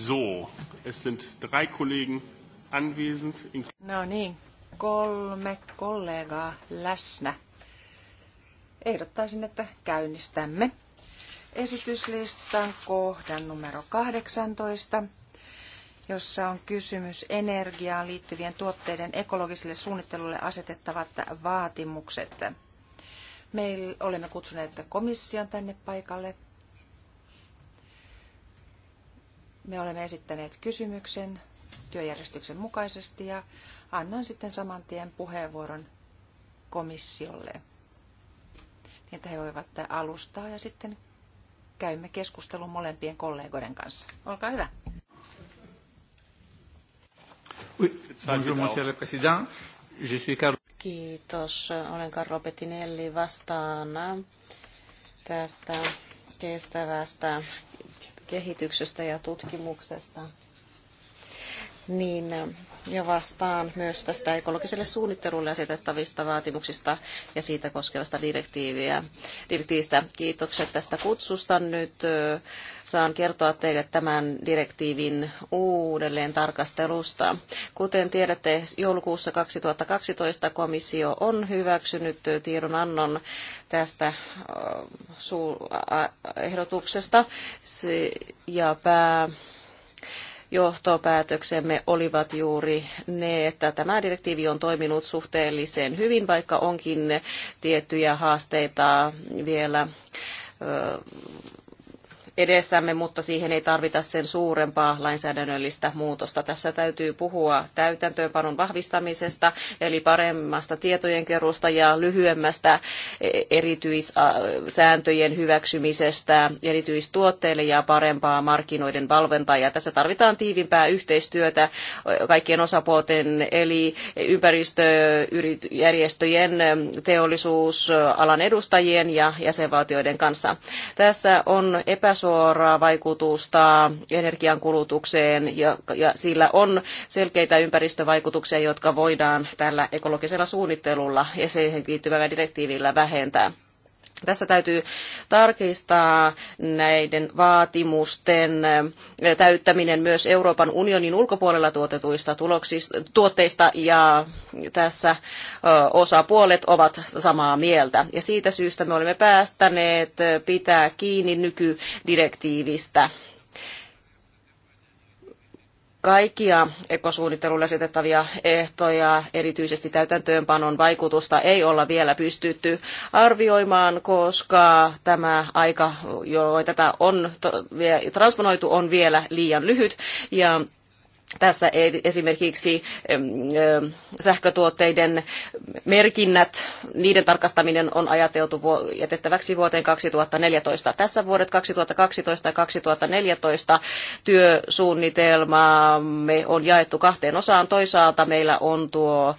So, es sind drei Kollegen anwesend. No niin, kolme kollegaa läsnä. Ehdottaisin, että käynnistämme esityslistan kohdan numero 18, jossa on kysymys energiaan liittyvien tuotteiden ekologiselle suunnittelulle asetettavat vaatimukset. Me olemme kutsuneet komission tänne paikalle Me olemme esittäneet kysymyksen työjärjestyksen mukaisesti ja annan sitten saman tien puheenvuoron komissiolle, niin että he voivat alustaa ja sitten käymme keskustelun molempien kollegoiden kanssa. Olkaa hyvä. Kiitos. Olen Karlo Petinelli vastaan tästä kestävästä kehityksestä ja tutkimuksesta niin ja vastaan myös tästä ekologiselle suunnittelulle asetettavista vaatimuksista ja siitä koskevasta direktiiviä, direktiivistä. Kiitokset tästä kutsusta. Nyt saan kertoa teille tämän direktiivin uudelleen tarkastelusta. Kuten tiedätte, joulukuussa 2012 komissio on hyväksynyt tiedonannon tästä ehdotuksesta ja pää johtopäätöksemme olivat juuri ne, että tämä direktiivi on toiminut suhteellisen hyvin, vaikka onkin tiettyjä haasteita vielä edessämme, mutta siihen ei tarvita sen suurempaa lainsäädännöllistä muutosta. Tässä täytyy puhua täytäntöönpanon vahvistamisesta, eli paremmasta tietojenkeruusta ja lyhyemmästä erityissääntöjen hyväksymisestä erityistuotteille ja parempaa markkinoiden valvontaa. Ja tässä tarvitaan tiivimpää yhteistyötä kaikkien osapuolten, eli ympäristöjärjestöjen, teollisuusalan edustajien ja jäsenvaltioiden kanssa. Tässä on epäsuoraa suoraa vaikutusta energiankulutukseen ja, ja sillä on selkeitä ympäristövaikutuksia, jotka voidaan tällä ekologisella suunnittelulla ja siihen liittyvällä direktiivillä vähentää. Tässä täytyy tarkistaa näiden vaatimusten täyttäminen myös Euroopan unionin ulkopuolella tuotetuista tuotteista ja tässä osapuolet ovat samaa mieltä. Ja siitä syystä me olemme päästäneet pitää kiinni nykydirektiivistä kaikkia ekosuunnittelulle asetettavia ehtoja, erityisesti täytäntöönpanon vaikutusta, ei olla vielä pystytty arvioimaan, koska tämä aika, jolloin tätä on transponoitu, on vielä liian lyhyt. Ja tässä esimerkiksi sähkötuotteiden merkinnät, niiden tarkastaminen on ajateltu jätettäväksi vuoteen 2014. Tässä vuodet 2012 ja 2014 työsuunnitelmaamme on jaettu kahteen osaan. Toisaalta meillä on tuo,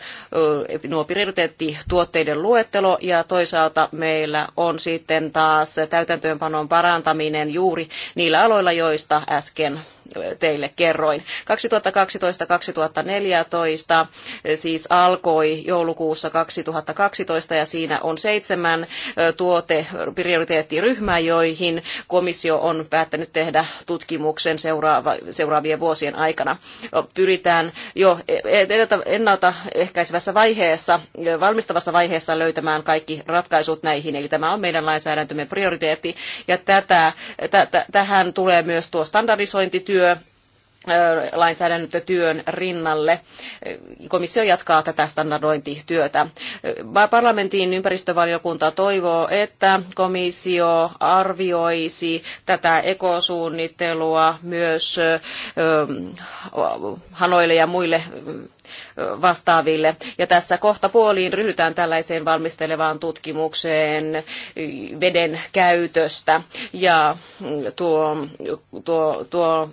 nuo prioriteettituotteiden luettelo ja toisaalta meillä on sitten taas täytäntöönpanon parantaminen juuri niillä aloilla, joista äsken teille kerroin. 2012-2014 siis alkoi joulukuussa 2012 ja siinä on seitsemän tuoteprioriteettiryhmää, joihin komissio on päättänyt tehdä tutkimuksen seuraava, seuraavien vuosien aikana. Pyritään jo e, e, ennalta ehkäisevässä vaiheessa, valmistavassa vaiheessa löytämään kaikki ratkaisut näihin, eli tämä on meidän lainsäädäntömme prioriteetti ja tätä, t- tähän tulee myös tuo standardisointityö, työ lainsäädäntötyön rinnalle. Komissio jatkaa tätä standardointityötä. Parlamentin ympäristövaliokunta toivoo, että komissio arvioisi tätä ekosuunnittelua myös hanoille ja muille vastaaville. Ja tässä kohta puoliin ryhdytään tällaiseen valmistelevaan tutkimukseen veden käytöstä. Ja tuo, tuo, tuo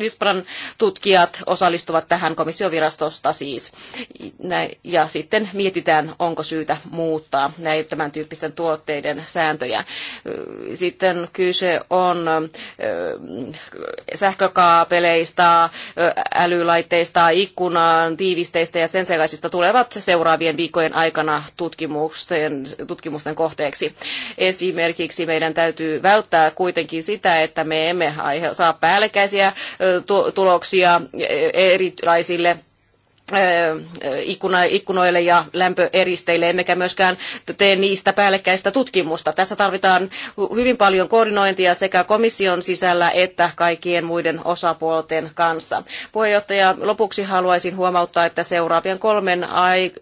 Espran tutkijat osallistuvat tähän komissiovirastosta siis. Ja sitten mietitään, onko syytä muuttaa näin tämän tyyppisten tuotteiden sääntöjä. Sitten kyse on sähkökaapeleista, älylaitteista, ikkunaan, tiivisteistä ja sen sellaisista tulevat seuraavien viikkojen aikana tutkimusten, tutkimusten kohteeksi. Esimerkiksi meidän täytyy välttää kuitenkin sitä, että me emme aihe- saa päällekkäisiä tuloksia e-, erilaisille ikkuna, ikkunoille ja lämpöeristeille, emmekä myöskään tee niistä päällekkäistä tutkimusta. Tässä tarvitaan hyvin paljon koordinointia sekä komission sisällä että kaikkien muiden osapuolten kanssa. Puheenjohtaja, lopuksi haluaisin huomauttaa, että seuraavien kolmen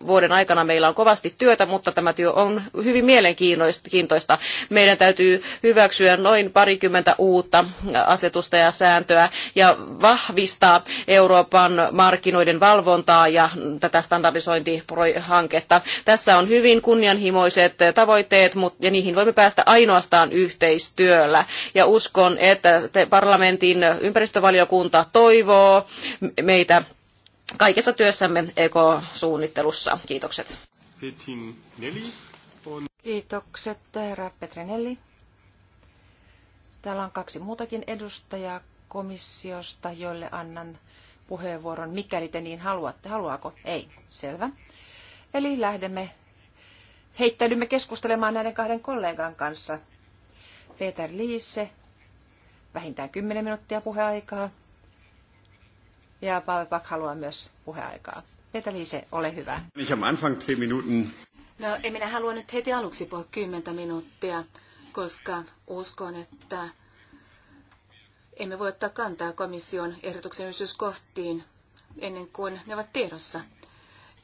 vuoden aikana meillä on kovasti työtä, mutta tämä työ on hyvin mielenkiintoista. Meidän täytyy hyväksyä noin parikymmentä uutta asetusta ja sääntöä ja vahvistaa Euroopan markkinoiden valvontaa valvontaa ja tätä standardisointihanketta. Tässä on hyvin kunnianhimoiset tavoitteet, ja niihin voimme päästä ainoastaan yhteistyöllä. Ja uskon, että parlamentin ympäristövaliokunta toivoo meitä kaikessa työssämme ekosuunnittelussa. Kiitokset. Kiitokset, herra Petrinelli. Täällä on kaksi muutakin edustajaa komissiosta, joille annan puheenvuoron, mikäli te niin haluatte. Haluaako? Ei. Selvä. Eli lähdemme, heittäydymme keskustelemaan näiden kahden kollegan kanssa. Peter Liisse, vähintään 10 minuuttia puheaikaa. Ja Paavo Pak haluaa myös puheaikaa. Peter Liise, ole hyvä. No, minä haluan nyt heti aluksi puhua 10 minuuttia, koska uskon, että emme voi ottaa kantaa komission ehdotuksen yksityiskohtiin ennen kuin ne ovat tiedossa.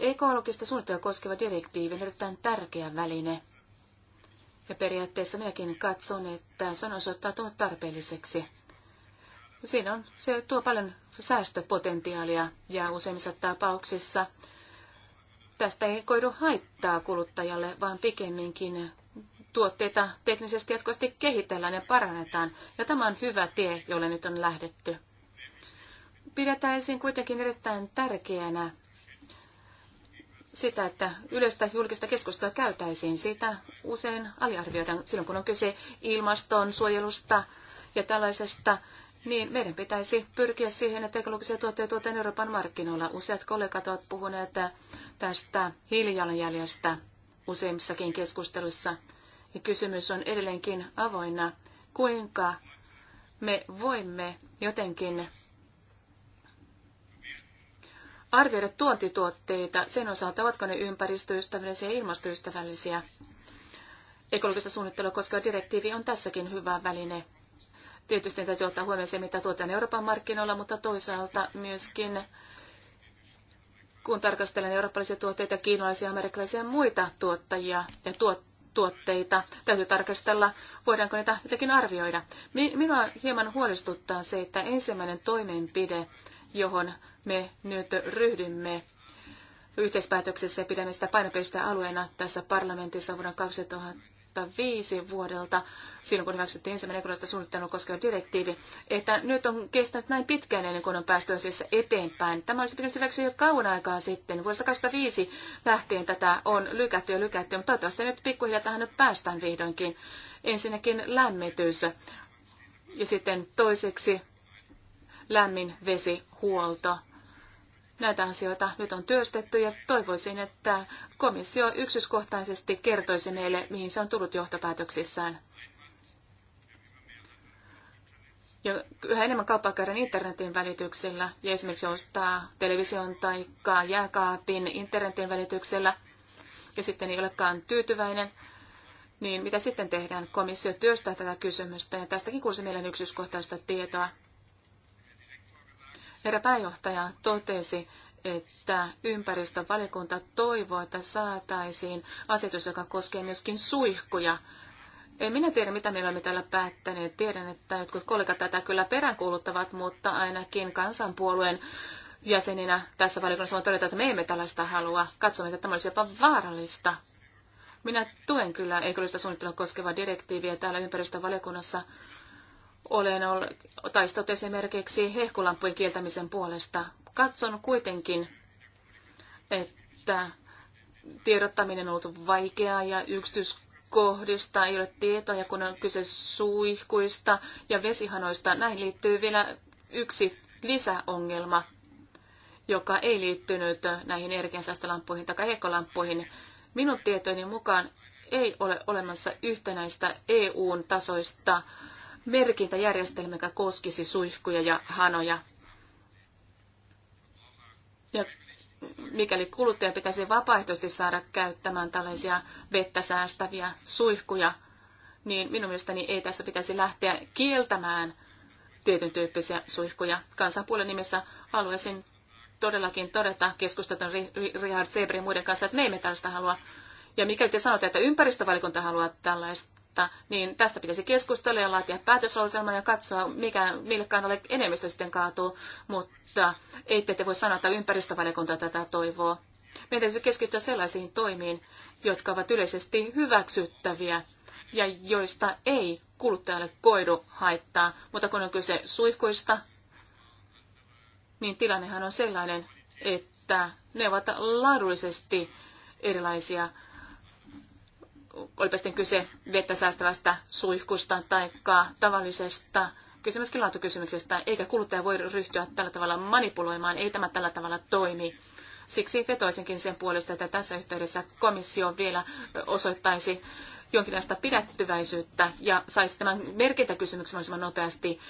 Ekologista suunnittelua koskeva direktiivi on erittäin tärkeä väline. Ja periaatteessa minäkin katson, että se on osoittautunut tarpeelliseksi. Siinä on, se tuo paljon säästöpotentiaalia ja useimmissa tapauksissa tästä ei koidu haittaa kuluttajalle, vaan pikemminkin tuotteita teknisesti jatkuvasti kehitellään ja parannetaan, ja tämä on hyvä tie, jolle nyt on lähdetty. Pidetään esiin kuitenkin erittäin tärkeänä sitä, että yleistä julkista keskustelua käytäisiin. Sitä usein aliarvioidaan silloin, kun on kyse ilmastonsuojelusta ja tällaisesta niin, meidän pitäisi pyrkiä siihen, että ekologisia tuotteita tuotetaan Euroopan markkinoilla. Useat kollegat ovat puhuneet tästä hiilijalanjäljestä useimmissakin keskusteluissa ja kysymys on edelleenkin avoinna, kuinka me voimme jotenkin arvioida tuontituotteita sen osalta, ovatko ne ympäristöystävällisiä ja ilmastoystävällisiä. Ekologista suunnittelua koskeva direktiivi on tässäkin hyvä väline. Tietysti täytyy ottaa huomioon se, mitä tuotetaan Euroopan markkinoilla, mutta toisaalta myöskin kun tarkastelen eurooppalaisia tuotteita, kiinalaisia, amerikkalaisia ja muita tuottajia ja tuotteita, tuotteita. Täytyy tarkastella, voidaanko niitä jotenkin arvioida. Minua hieman huolestuttaa se, että ensimmäinen toimenpide, johon me nyt ryhdymme yhteispäätöksessä ja pidämme sitä painopistealueena tässä parlamentissa vuonna 2000 2005 vuodelta, silloin kun hyväksyttiin ensimmäinen ekologista suunnittelua koskeva direktiivi, että nyt on kestänyt näin pitkään ennen kuin on päästy asiassa eteenpäin. Tämä olisi pitänyt hyväksyä jo kauan aikaa sitten. Vuodesta 2005 lähtien tätä on lykätty ja lykätty, mutta toivottavasti nyt pikkuhiljaa tähän nyt päästään vihdoinkin. Ensinnäkin lämmitys ja sitten toiseksi lämmin vesihuolto Näitä asioita nyt on työstetty ja toivoisin, että komissio yksityiskohtaisesti kertoisi meille, mihin se on tullut johtopäätöksissään. Ja yhä enemmän kauppaa käydään internetin välityksellä ja esimerkiksi ostaa television tai jääkaapin internetin välityksellä ja sitten ei olekaan tyytyväinen, niin mitä sitten tehdään? Komissio työstää tätä kysymystä ja tästäkin kuulisi meidän yksityiskohtaista tietoa. Herra pääjohtaja totesi, että ympäristövaliokunta toivoo, että saataisiin asetus, joka koskee myöskin suihkuja. En minä tiedä, mitä me olemme täällä päättäneet. Tiedän, että jotkut kollegat tätä kyllä peräänkuuluttavat, mutta ainakin kansanpuolueen jäseninä tässä valiokunnassa on todeta, että me emme tällaista halua. Katsomme, että tämä olisi jopa vaarallista. Minä tuen kyllä ekologista suunnittelua koskevaa direktiiviä täällä ympäristövaliokunnassa olen taistellut esimerkiksi hehkulampujen kieltämisen puolesta. Katson kuitenkin, että tiedottaminen on ollut vaikeaa ja yksityiskohdista ei ole tietoja, kun on kyse suihkuista ja vesihanoista. Näihin liittyy vielä yksi lisäongelma, joka ei liittynyt näihin energiansäästölampuihin tai hehkulampuihin. Minun tietojeni mukaan ei ole olemassa yhtenäistä EUn tasoista merkintäjärjestelmä, joka koskisi suihkuja ja hanoja. Ja mikäli kuluttaja pitäisi vapaaehtoisesti saada käyttämään tällaisia vettä säästäviä suihkuja, niin minun mielestäni ei tässä pitäisi lähteä kieltämään tietyn tyyppisiä suihkuja. Kansanpuolen nimessä haluaisin todellakin todeta keskustelun Richard Zebrin muiden kanssa, että me emme tällaista halua. Ja mikäli te sanotte, että ympäristövalikunta haluaa tällaista, tilannetta, niin tästä pitäisi keskustella ja laatia päätöslauselma ja katsoa, mikä, mille kannalle enemmistö sitten kaatuu, mutta ei te voi sanoa, että ympäristövaliokunta tätä toivoo. Meidän täytyy keskittyä sellaisiin toimiin, jotka ovat yleisesti hyväksyttäviä ja joista ei kuluttajalle koidu haittaa, mutta kun on kyse suihkuista, niin tilannehan on sellainen, että ne ovat laadullisesti erilaisia olipa sitten kyse vettä säästävästä suihkusta tai tavallisesta kyse myöskin laatukysymyksestä, eikä kuluttaja voi ryhtyä tällä tavalla manipuloimaan, ei tämä tällä tavalla toimi. Siksi vetoisinkin sen puolesta, että tässä yhteydessä komissio vielä osoittaisi jonkinlaista pidättyväisyyttä ja saisi tämän merkintäkysymyksen mahdollisimman nopeasti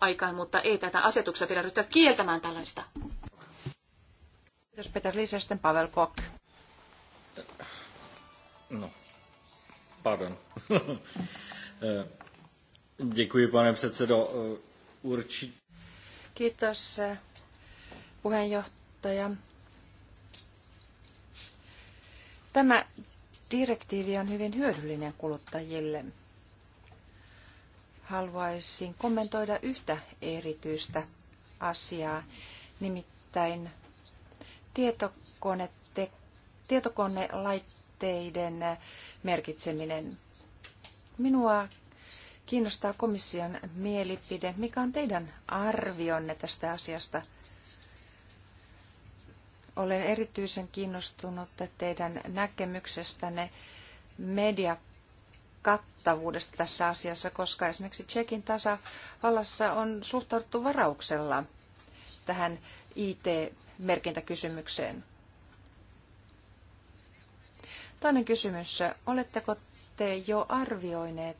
aikaan, mutta ei tätä asetuksia pidä ryhtyä kieltämään tällaista. Kiitos Peter Lisästen, Pavel Kok. No, Pardon. Eh, děkuji, pane předsedo. Eh, určitě. Kiitos, eh, puheenjohtaja. Tämä direktiivi on hyvin hyödyllinen kuluttajille. Haluaisin kommentoida yhtä erityistä asiaa, nimittäin tietokone, te, tietokonelaitteiden jätteiden merkitseminen. Minua kiinnostaa komission mielipide. Mikä on teidän arvionne tästä asiasta? Olen erityisen kiinnostunut teidän näkemyksestänne mediakattavuudesta tässä asiassa, koska esimerkiksi Tsekin tasavallassa on suhtauduttu varauksella tähän IT-merkintäkysymykseen. Toinen kysymys. Oletteko te jo arvioineet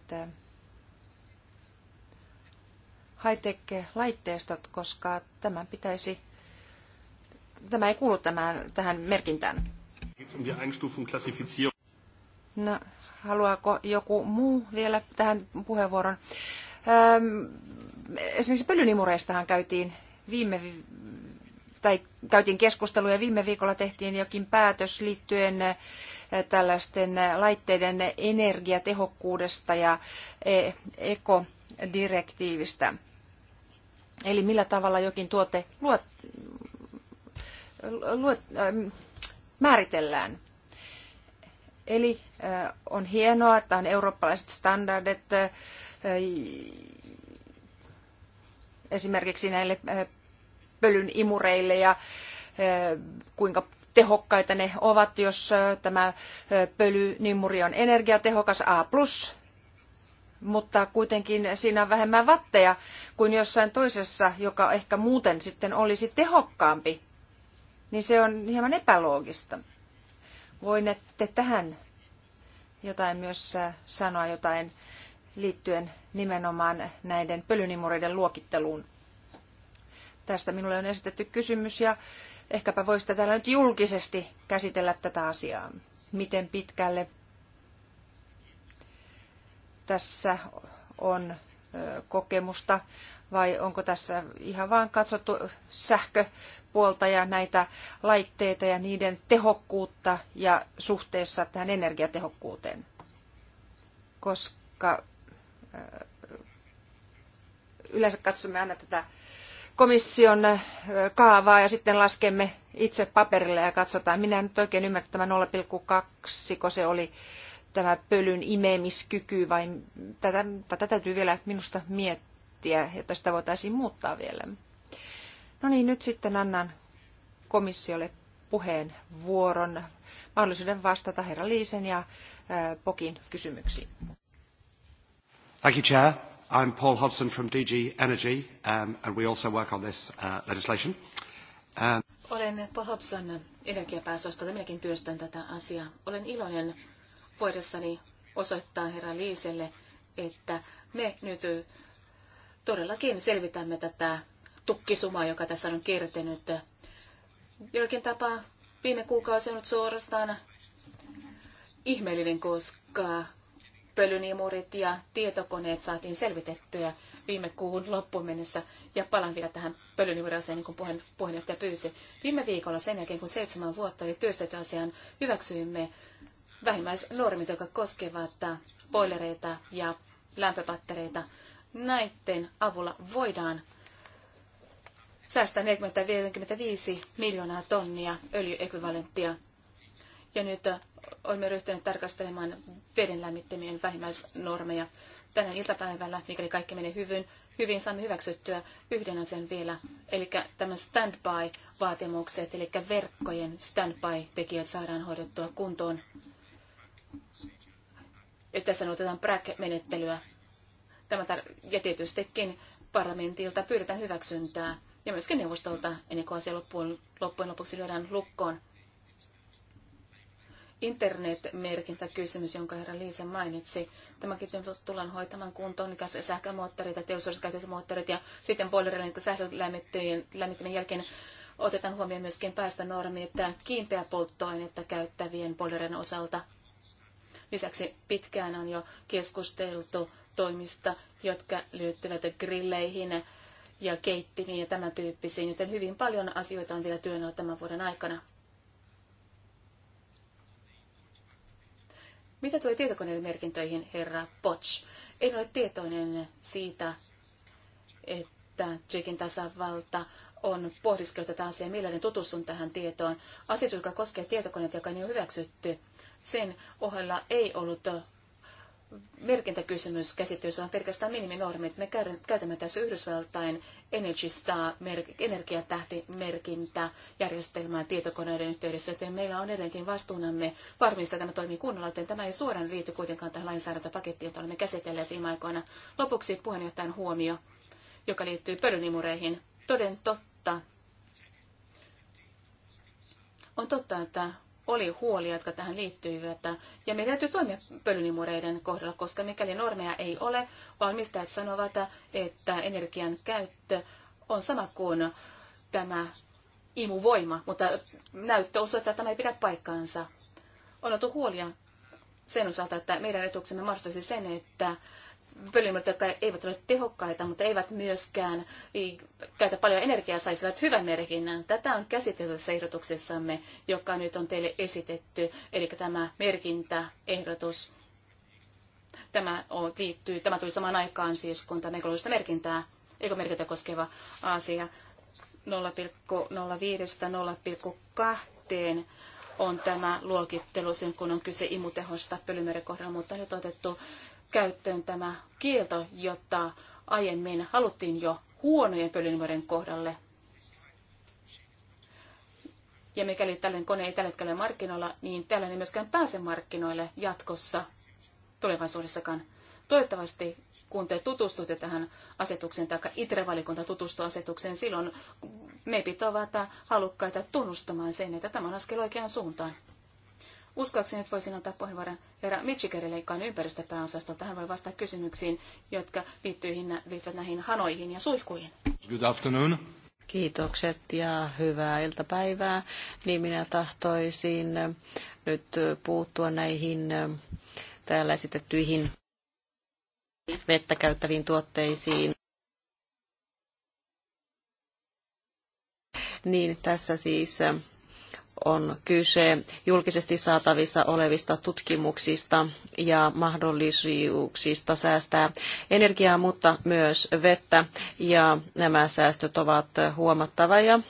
high-tech-laitteistot, koska tämä pitäisi, tämä ei kuulu tämän, tähän merkintään? No, haluaako joku muu vielä tähän puheenvuoron? Öm, esimerkiksi pölynimureistahan käytiin viime tai käytiin keskusteluja viime viikolla tehtiin jokin päätös liittyen tällaisten laitteiden energiatehokkuudesta ja e- ekodirektiivistä. Eli millä tavalla jokin tuote luot, luot, ähm, määritellään. Eli äh, on hienoa, että on eurooppalaiset standardit äh, esimerkiksi näille äh, pölyn imureille ja kuinka tehokkaita ne ovat, jos tämä pölynimuri on energiatehokas A+, mutta kuitenkin siinä on vähemmän vatteja kuin jossain toisessa, joka ehkä muuten sitten olisi tehokkaampi, niin se on hieman epäloogista. Voinette tähän jotain myös sanoa jotain liittyen nimenomaan näiden pölynimureiden luokitteluun. Tästä minulle on esitetty kysymys ja ehkäpä voisitte täällä nyt julkisesti käsitellä tätä asiaa. Miten pitkälle tässä on kokemusta vai onko tässä ihan vain katsottu sähköpuolta ja näitä laitteita ja niiden tehokkuutta ja suhteessa tähän energiatehokkuuteen? Koska yleensä katsomme aina tätä komission kaavaa ja sitten laskemme itse paperille ja katsotaan. Minä en nyt oikein ymmärrä tämä 0,2, kun se oli tämä pölyn imemiskyky vai tätä, tätä täytyy vielä minusta miettiä, jotta sitä voitaisiin muuttaa vielä. No niin, nyt sitten annan komissiolle puheenvuoron mahdollisuuden vastata herra Liisen ja Pokin kysymyksiin. Thank you, Chair. I'm Paul Hobson, from DG Energy, um, and we also work on this uh, legislation. Um, Olen Paul Hobson energiapäästöstä, minäkin työstän tätä asiaa. Olen iloinen voidessani osoittaa herra Liiselle, että me nyt todellakin selvitämme tätä tukkisumaa, joka tässä on kertynyt. Jollakin tapaa viime kuukausi on ollut suorastaan ihmeellinen, koska pölynimurit ja tietokoneet saatiin selvitettyä viime kuun loppuun mennessä. Ja palaan vielä tähän pölynimuraiseen, niin kuin puheen, puheenjohtaja pyysi. Viime viikolla sen jälkeen, kun seitsemän vuotta oli työstetty asiaan, hyväksyimme vähimmäisnormit, jotka koskevat boilereita ja lämpöpattereita. Näiden avulla voidaan säästää 40-55 miljoonaa tonnia öljyekvivalenttia. Ja nyt olemme ryhtyneet tarkastelemaan veden lämmittämien vähimmäisnormeja. Tänään iltapäivällä, mikäli kaikki menee hyvin, hyvin saamme hyväksyttyä yhden asian vielä, eli tämän standby-vaatimukset, eli verkkojen standby-tekijät saadaan hoidettua kuntoon. Ja tässä otetaan BRAC-menettelyä. Tämä tar- ja tietystikin parlamentilta pyydetään hyväksyntää ja myöskin neuvostolta ennen kuin asia loppuun, loppujen lopuksi lyödään lukkoon internetmerkintäkysymys, jonka herra Liisa mainitsi. Tämäkin tullaan hoitamaan kuntoon, niin sähkömoottorit ja teollisuudessa moottorit ja sitten boilerilla, että sähkölämmittämien jälkeen otetaan huomioon myöskin että kiinteä polttoainetta käyttävien boilerien osalta. Lisäksi pitkään on jo keskusteltu toimista, jotka liittyvät grilleihin ja keittimiin ja tämän tyyppisiin, joten hyvin paljon asioita on vielä työn tämän vuoden aikana. Mitä tulee tietokoneiden merkintöihin, herra Potch? En ole tietoinen siitä, että Tsekin tasavalta on pohdiskellut tätä asiaa. Mielelläni tutustun tähän tietoon. Asetus, joka koskee tietokoneita, joka on jo hyväksytty, sen ohella ei ollut merkintäkysymys käsittelyssä on pelkästään miniminormit. Me käytämme tässä Yhdysvaltain Energy Star, energiatähtimerkintä järjestelmään tietokoneiden yhteydessä, joten meillä on edelleenkin vastuunamme varmistaa, että tämä toimii kunnolla, joten tämä ei suoraan liity kuitenkaan tähän lainsäädäntöpakettiin, jota olemme käsitelleet viime aikoina. Lopuksi puheenjohtajan huomio, joka liittyy pölynimureihin. Toden totta. On totta, että oli huolia, jotka tähän liittyivät. Ja meidän täytyy toimia pölynimureiden kohdalla, koska mikäli normeja ei ole, valmistajat sanovat, että energian käyttö on sama kuin tämä imuvoima, mutta näyttö osoittaa, että tämä ei pidä paikkaansa. On oltu huolia sen osalta, että meidän etuksemme mahdollistaisi sen, että pölyilmiöt, jotka eivät ole tehokkaita, mutta eivät myöskään käytä paljon energiaa, saisivat hyvän merkinnän. Tätä on käsitelty tässä ehdotuksessamme, joka nyt on teille esitetty, eli tämä merkintäehdotus. Tämä, on, liittyy, tämä tuli samaan aikaan siis, kun tämä ekologista merkintää, ekomerkintä koskeva asia 0,05-0,2 on tämä luokittelu, kun on kyse imutehosta pölymerenkohdalla, mutta nyt on otettu käyttöön tämä kielto, jota aiemmin haluttiin jo huonojen pölynimoiden kohdalle. Ja mikäli tällainen kone ei tällä hetkellä markkinoilla, niin tällainen ei myöskään pääse markkinoille jatkossa tulevaisuudessakaan. Toivottavasti kun te tutustutte tähän asetukseen, tai ITRE-valikunta tutustuu asetukseen, silloin me pitää halukkaita tunnustamaan sen, että tämä on askel oikeaan suuntaan. Uskoakseni että voisin antaa puheenvuoron Vera Michikerille, joka on ympäristöpääosastolta. voi vastata kysymyksiin, jotka liittyvät näihin hanoihin ja suihkuihin. Good afternoon. Kiitokset ja hyvää iltapäivää. Niin minä tahtoisin nyt puuttua näihin äh, täällä esitettyihin vettä käyttäviin tuotteisiin. Niin tässä siis äh, on kyse julkisesti saatavissa olevista tutkimuksista ja mahdollisuuksista säästää energiaa, mutta myös vettä. Ja nämä säästöt ovat huomattavia.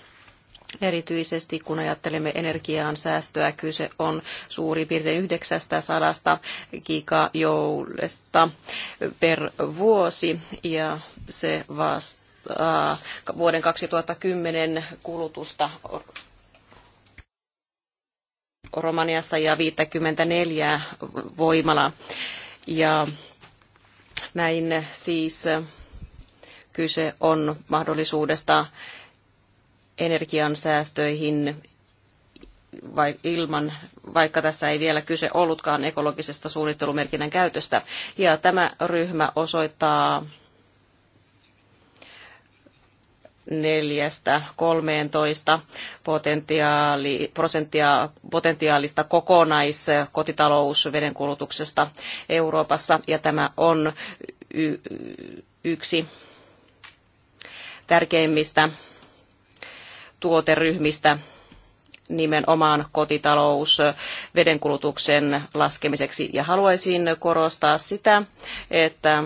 Erityisesti kun ajattelemme energiaan säästöä, kyse on suurin piirtein 900 gigajoulesta per vuosi ja se vastaa vuoden 2010 kulutusta Romaniassa ja 54 voimalaa. Ja näin siis kyse on mahdollisuudesta energiansäästöihin vai ilman, vaikka tässä ei vielä kyse ollutkaan ekologisesta suunnittelumerkinnän käytöstä. Ja tämä ryhmä osoittaa neljästä 13 potentiaali, prosenttia potentiaalista kokonaiskotitalousvedenkulutuksesta Euroopassa, ja tämä on y- yksi tärkeimmistä tuoteryhmistä nimenomaan kotitalous vedenkulutuksen laskemiseksi. Ja haluaisin korostaa sitä, että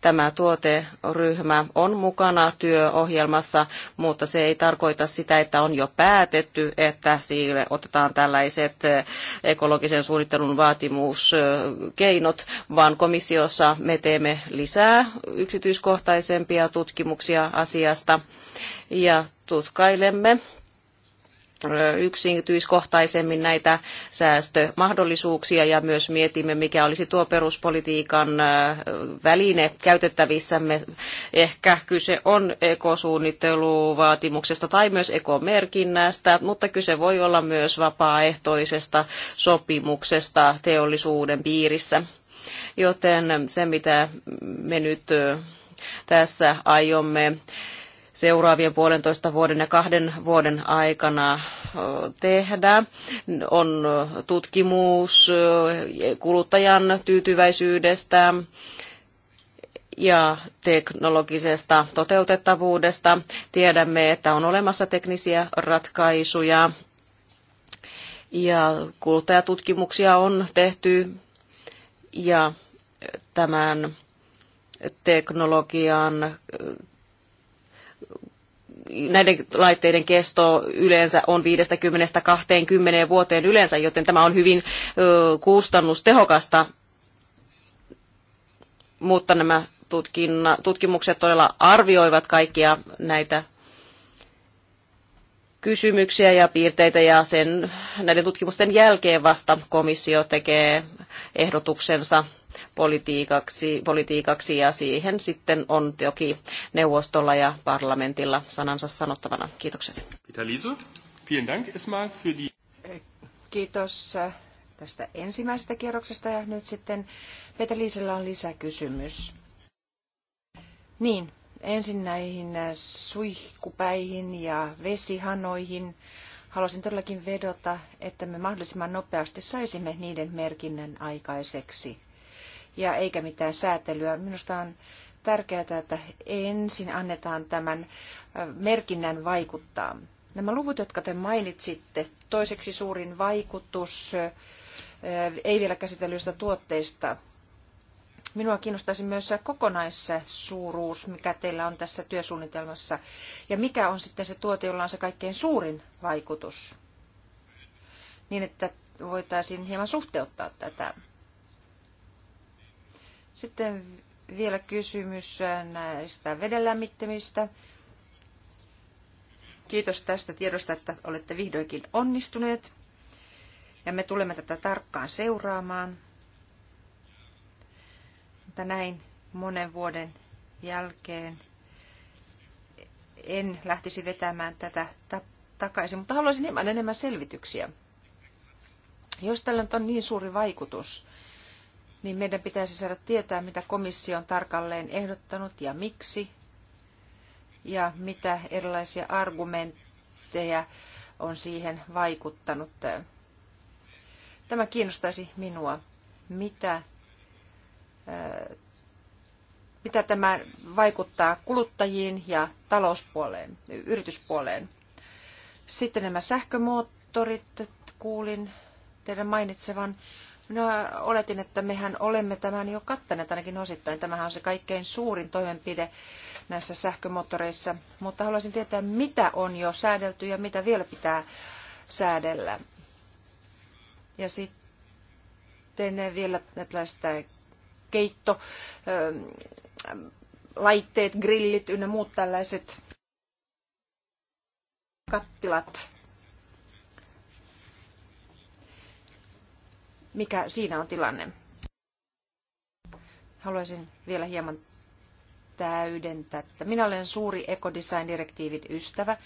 Tämä tuoteryhmä on mukana työohjelmassa, mutta se ei tarkoita sitä, että on jo päätetty, että sille otetaan tällaiset eh, ekologisen suunnittelun vaatimuskeinot, vaan komissiossa me teemme lisää yksityiskohtaisempia tutkimuksia asiasta ja tutkailemme yksityiskohtaisemmin näitä säästömahdollisuuksia ja myös mietimme, mikä olisi tuo peruspolitiikan väline käytettävissämme. Ehkä kyse on ekosuunnitteluvaatimuksesta tai myös ekomerkinnästä, mutta kyse voi olla myös vapaaehtoisesta sopimuksesta teollisuuden piirissä. Joten se, mitä me nyt tässä aiomme seuraavien puolentoista vuoden ja kahden vuoden aikana tehdä. On tutkimus kuluttajan tyytyväisyydestä ja teknologisesta toteutettavuudesta. Tiedämme, että on olemassa teknisiä ratkaisuja ja kuluttajatutkimuksia on tehty ja tämän teknologian näiden laitteiden kesto yleensä on 50-20 vuoteen yleensä, joten tämä on hyvin kustannustehokasta, mutta nämä tutkimukset todella arvioivat kaikkia näitä kysymyksiä ja piirteitä ja sen, näiden tutkimusten jälkeen vasta komissio tekee ehdotuksensa politiikaksi, politiikaksi ja siihen sitten on toki neuvostolla ja parlamentilla sanansa sanottavana. Kiitokset. Kiitos äh, tästä ensimmäisestä kierroksesta ja nyt sitten Peter Liisellä on lisäkysymys. Niin, Ensin näihin äh, suihkupäihin ja vesihanoihin. Haluaisin todellakin vedota, että me mahdollisimman nopeasti saisimme niiden merkinnän aikaiseksi. Ja eikä mitään säätelyä. Minusta on tärkeää, että ensin annetaan tämän äh, merkinnän vaikuttaa. Nämä luvut, jotka te mainitsitte, toiseksi suurin vaikutus äh, ei vielä käsitellyistä tuotteista Minua kiinnostaisi myös se kokonaissuuruus, mikä teillä on tässä työsuunnitelmassa, ja mikä on sitten se tuote, jolla on se kaikkein suurin vaikutus, niin että voitaisiin hieman suhteuttaa tätä. Sitten vielä kysymys näistä vedenlämmittämistä. Kiitos tästä tiedosta, että olette vihdoinkin onnistuneet. Ja me tulemme tätä tarkkaan seuraamaan että näin monen vuoden jälkeen en lähtisi vetämään tätä takaisin, mutta haluaisin hieman enemmän selvityksiä. Jos tällä on niin suuri vaikutus, niin meidän pitäisi saada tietää, mitä komissio on tarkalleen ehdottanut ja miksi, ja mitä erilaisia argumentteja on siihen vaikuttanut. Tämä kiinnostaisi minua, mitä mitä tämä vaikuttaa kuluttajiin ja talouspuoleen, yrityspuoleen. Sitten nämä sähkömoottorit, kuulin teidän mainitsevan. Minä no, oletin, että mehän olemme tämän jo kattaneet ainakin osittain. Tämähän on se kaikkein suurin toimenpide näissä sähkömoottoreissa, mutta haluaisin tietää, mitä on jo säädelty ja mitä vielä pitää säädellä. Ja sitten vielä tällaista keitto, ähm, laitteet, grillit ynnä muut tällaiset kattilat. Mikä siinä on tilanne? Haluaisin vielä hieman täydentää. Minä olen suuri ekodesign-direktiivin ystävä,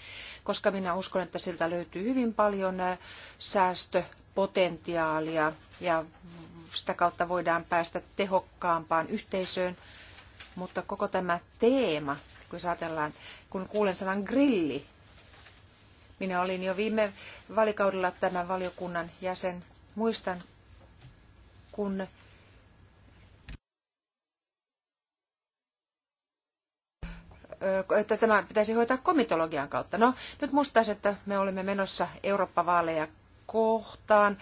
koska minä uskon, että siltä löytyy hyvin paljon äh, säästöpotentiaalia ja sitä kautta voidaan päästä tehokkaampaan yhteisöön. Mutta koko tämä teema, kun ajatellaan, kun kuulen sanan grilli, minä olin jo viime valikaudella tämän valiokunnan jäsen. Muistan, kun että tämä pitäisi hoitaa komitologian kautta. No, nyt muistaisin, että me olemme menossa Eurooppa-vaaleja kohtaan.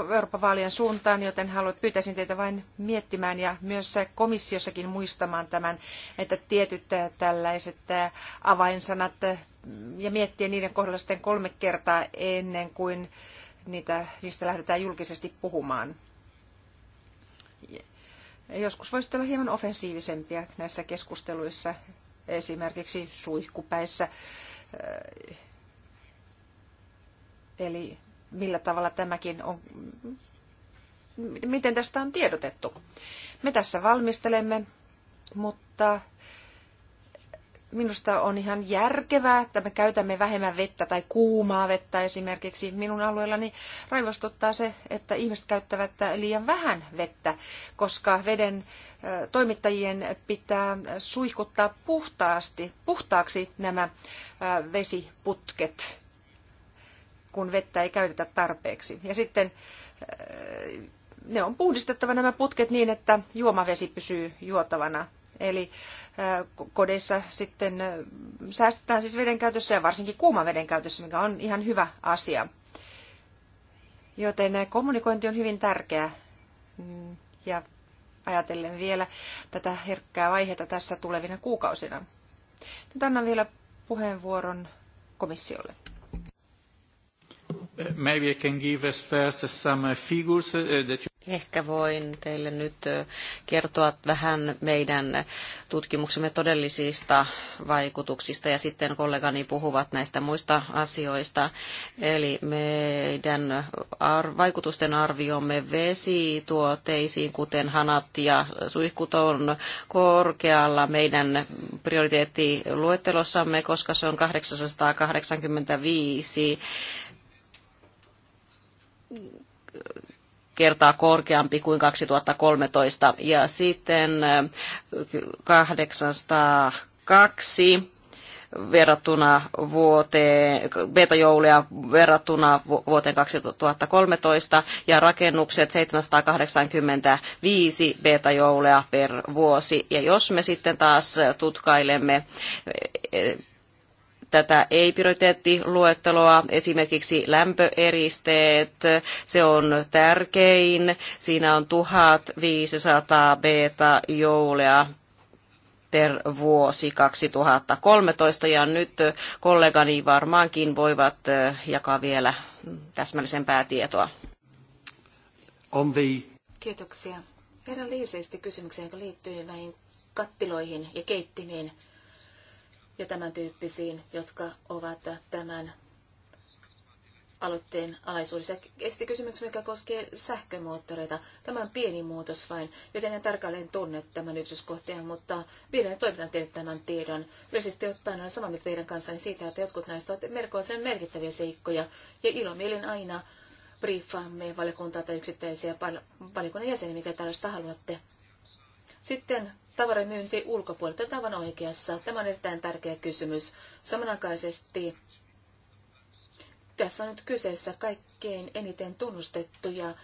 Euroopan vaalien suuntaan, joten haluan, pyytäisin teitä vain miettimään ja myös komissiossakin muistamaan tämän, että tietyt äh, tällaiset äh, avainsanat äh, ja miettiä niiden kohdalla sitten kolme kertaa ennen kuin niitä, niistä lähdetään julkisesti puhumaan. Joskus voisi olla hieman offensiivisempia näissä keskusteluissa, esimerkiksi suihkupäissä. Eli millä tavalla tämäkin on, miten tästä on tiedotettu. Me tässä valmistelemme, mutta minusta on ihan järkevää, että me käytämme vähemmän vettä tai kuumaa vettä esimerkiksi. Minun alueellani raivostuttaa se, että ihmiset käyttävät liian vähän vettä, koska veden toimittajien pitää suihkuttaa puhtaasti, puhtaaksi nämä vesiputket kun vettä ei käytetä tarpeeksi. Ja sitten äh, ne on puhdistettava nämä putket niin, että juomavesi pysyy juotavana. Eli äh, kodeissa sitten äh, säästetään siis veden käytössä ja varsinkin kuuman veden käytössä, mikä on ihan hyvä asia. Joten kommunikointi on hyvin tärkeää. Mm, ja ajatellen vielä tätä herkkää vaihetta tässä tulevina kuukausina. Nyt annan vielä puheenvuoron komissiolle. Ehkä voin teille nyt uh, kertoa vähän meidän tutkimuksemme todellisista vaikutuksista ja sitten kollegani puhuvat näistä muista asioista. Eli meidän vaikutusten arviomme vesituotteisiin, kuten hanat ja suihkut on korkealla meidän prioriteettiluettelossamme, koska se on 885 kertaa korkeampi kuin 2013. Ja sitten 802 verrattuna vuoteen, betajoulia verrattuna vuoteen 2013 ja rakennukset 785 betajoulia per vuosi. Ja jos me sitten taas tutkailemme tätä ei prioriteettiluetteloa, esimerkiksi lämpöeristeet, se on tärkein, siinä on 1500 beta-joulea per vuosi 2013 ja nyt kollegani varmaankin voivat jakaa vielä täsmällisempää tietoa. On the... Kiitoksia. Herra Liiseesti kysymykseen, joka liittyy näihin kattiloihin ja keittimiin ja tämän tyyppisiin, jotka ovat tämän aloitteen alaisuudessa. Esitti kysymyksen, mikä koskee sähkömoottoreita. Tämä on pieni muutos vain, joten en tarkalleen tunne tämän yksityiskohteen, mutta vielä toimitan teille tämän tiedon. Yleisesti ottaen olen samaa mieltä teidän kanssanne siitä, että jotkut näistä ovat merkoisen merkittäviä seikkoja, ja ilomielin aina briefaamme valiokuntaa tai yksittäisiä valiokunnan jäseniä, mitä tällaista haluatte. Sitten tavaramyynti ulkopuolelta tavan oikeassa. Tämä on erittäin tärkeä kysymys. Samanaikaisesti tässä on nyt kyseessä kaikkein eniten tunnustettu ja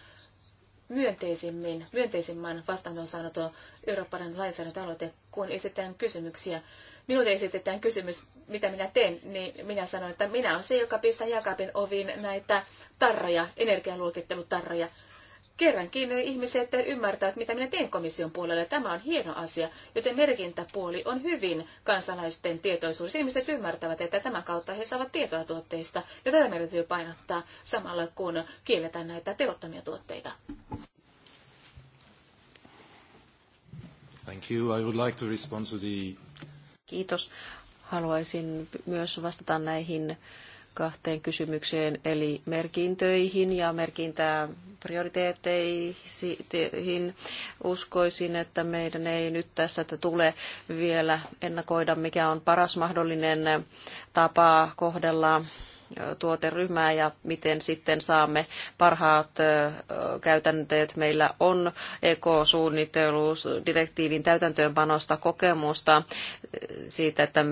myönteisimmin, myönteisimmän vastaanoton saanut Euroopan lainsäädäntöaloite, kun esitetään kysymyksiä. Minulle esitetään kysymys, mitä minä teen, niin minä sanon, että minä olen se, joka pistää jakapin oviin näitä tarroja, energialuokittelutarroja kerrankin ihmiset ymmärtävät, mitä minä teen komission puolella. Tämä on hieno asia, joten merkintäpuoli on hyvin kansalaisten tietoisuus. Ihmiset ymmärtävät, että tämän kautta he saavat tietoa tuotteista, ja tätä meidän täytyy painottaa samalla, kun kielletään näitä teottomia tuotteita. Thank you. I would like to respond to the... Kiitos. Haluaisin myös vastata näihin kahteen kysymykseen, eli merkintöihin ja merkintää prioriteetteihin. Uskoisin, että meidän ei nyt tässä tule vielä ennakoida, mikä on paras mahdollinen tapa kohdella tuoteryhmää ja miten sitten saamme parhaat käytänteet. Meillä on e direktiivin täytäntöönpanosta kokemusta siitä, että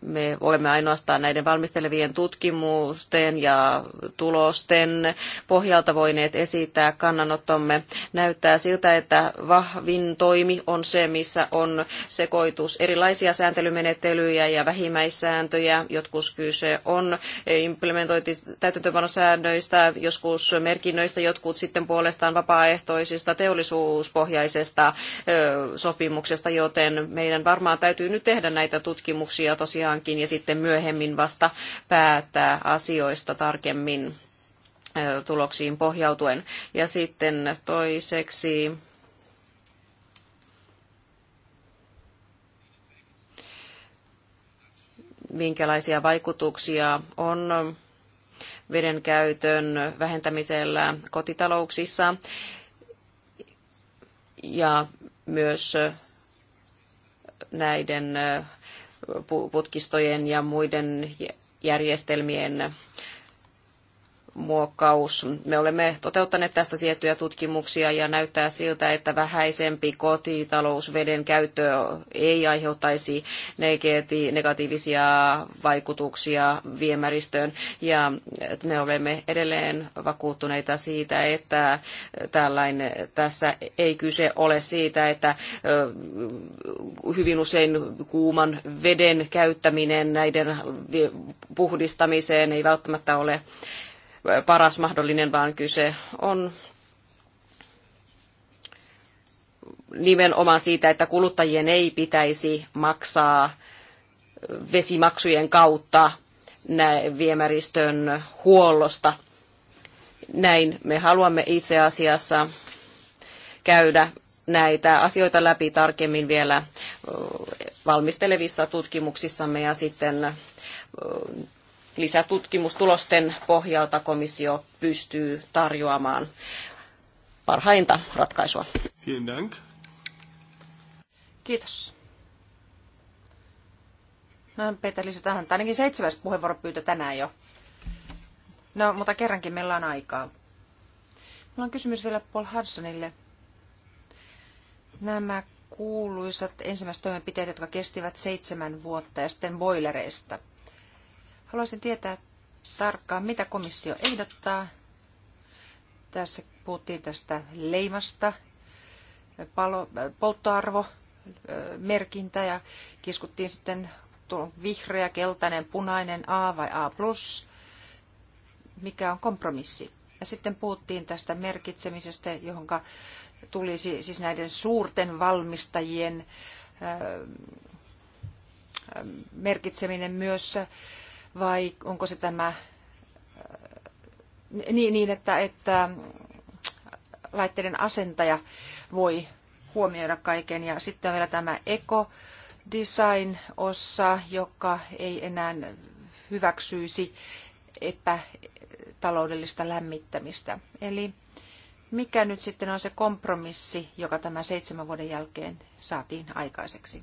me voimme ainoastaan näiden valmistelevien tutkimusten ja tulosten pohjalta voineet esittää kannanottomme. Näyttää siltä, että vahvin toimi on se, missä on sekoitus erilaisia sääntelymenettelyjä ja vähimmäissääntöjä. Jotkut kyse on implementointi joskus merkinnöistä, jotkut sitten puolestaan vapaaehtoisista teollisuuspohjaisesta sopimuksesta, joten meidän varmaan täytyy nyt tehdä näitä tutkimuksia tosiaankin ja sitten myöhemmin vasta päättää asioista tarkemmin tuloksiin pohjautuen. Ja sitten toiseksi minkälaisia vaikutuksia on veden käytön vähentämisellä kotitalouksissa ja myös näiden putkistojen ja muiden järjestelmien muokkaus. Me olemme toteuttaneet tästä tiettyjä tutkimuksia ja näyttää siltä, että vähäisempi kotitalousveden käyttö ei aiheuttaisi negatiivisia vaikutuksia viemäristöön. Ja me olemme edelleen vakuuttuneita siitä, että tällainen, tässä ei kyse ole siitä, että hyvin usein kuuman veden käyttäminen näiden puhdistamiseen ei välttämättä ole paras mahdollinen, vaan kyse on nimenomaan siitä, että kuluttajien ei pitäisi maksaa vesimaksujen kautta viemäristön huollosta. Näin me haluamme itse asiassa käydä näitä asioita läpi tarkemmin vielä valmistelevissa tutkimuksissamme ja sitten lisätutkimustulosten pohjalta komissio pystyy tarjoamaan parhainta ratkaisua. Kiitos. No, Peter, lisätään ainakin seitsemäs puheenvuoropyyntö tänään jo. No, mutta kerrankin meillä on aikaa. Mulla on kysymys vielä Paul Hudsonille. Nämä kuuluisat ensimmäiset toimenpiteet, jotka kestivät seitsemän vuotta ja sitten boilereista – Haluaisin tietää tarkkaan, mitä komissio ehdottaa. Tässä puhuttiin tästä leimasta, palo, polttoarvo, merkintä ja kiskuttiin sitten vihreä, keltainen, punainen, A vai A+, mikä on kompromissi. Ja sitten puhuttiin tästä merkitsemisestä, johon tulisi siis näiden suurten valmistajien merkitseminen myös vai onko se tämä äh, niin, niin että, että äh, laitteiden asentaja voi huomioida kaiken. Ja sitten on vielä tämä ekodesign-osa, joka ei enää hyväksyisi epätaloudellista lämmittämistä. Eli mikä nyt sitten on se kompromissi, joka tämän seitsemän vuoden jälkeen saatiin aikaiseksi?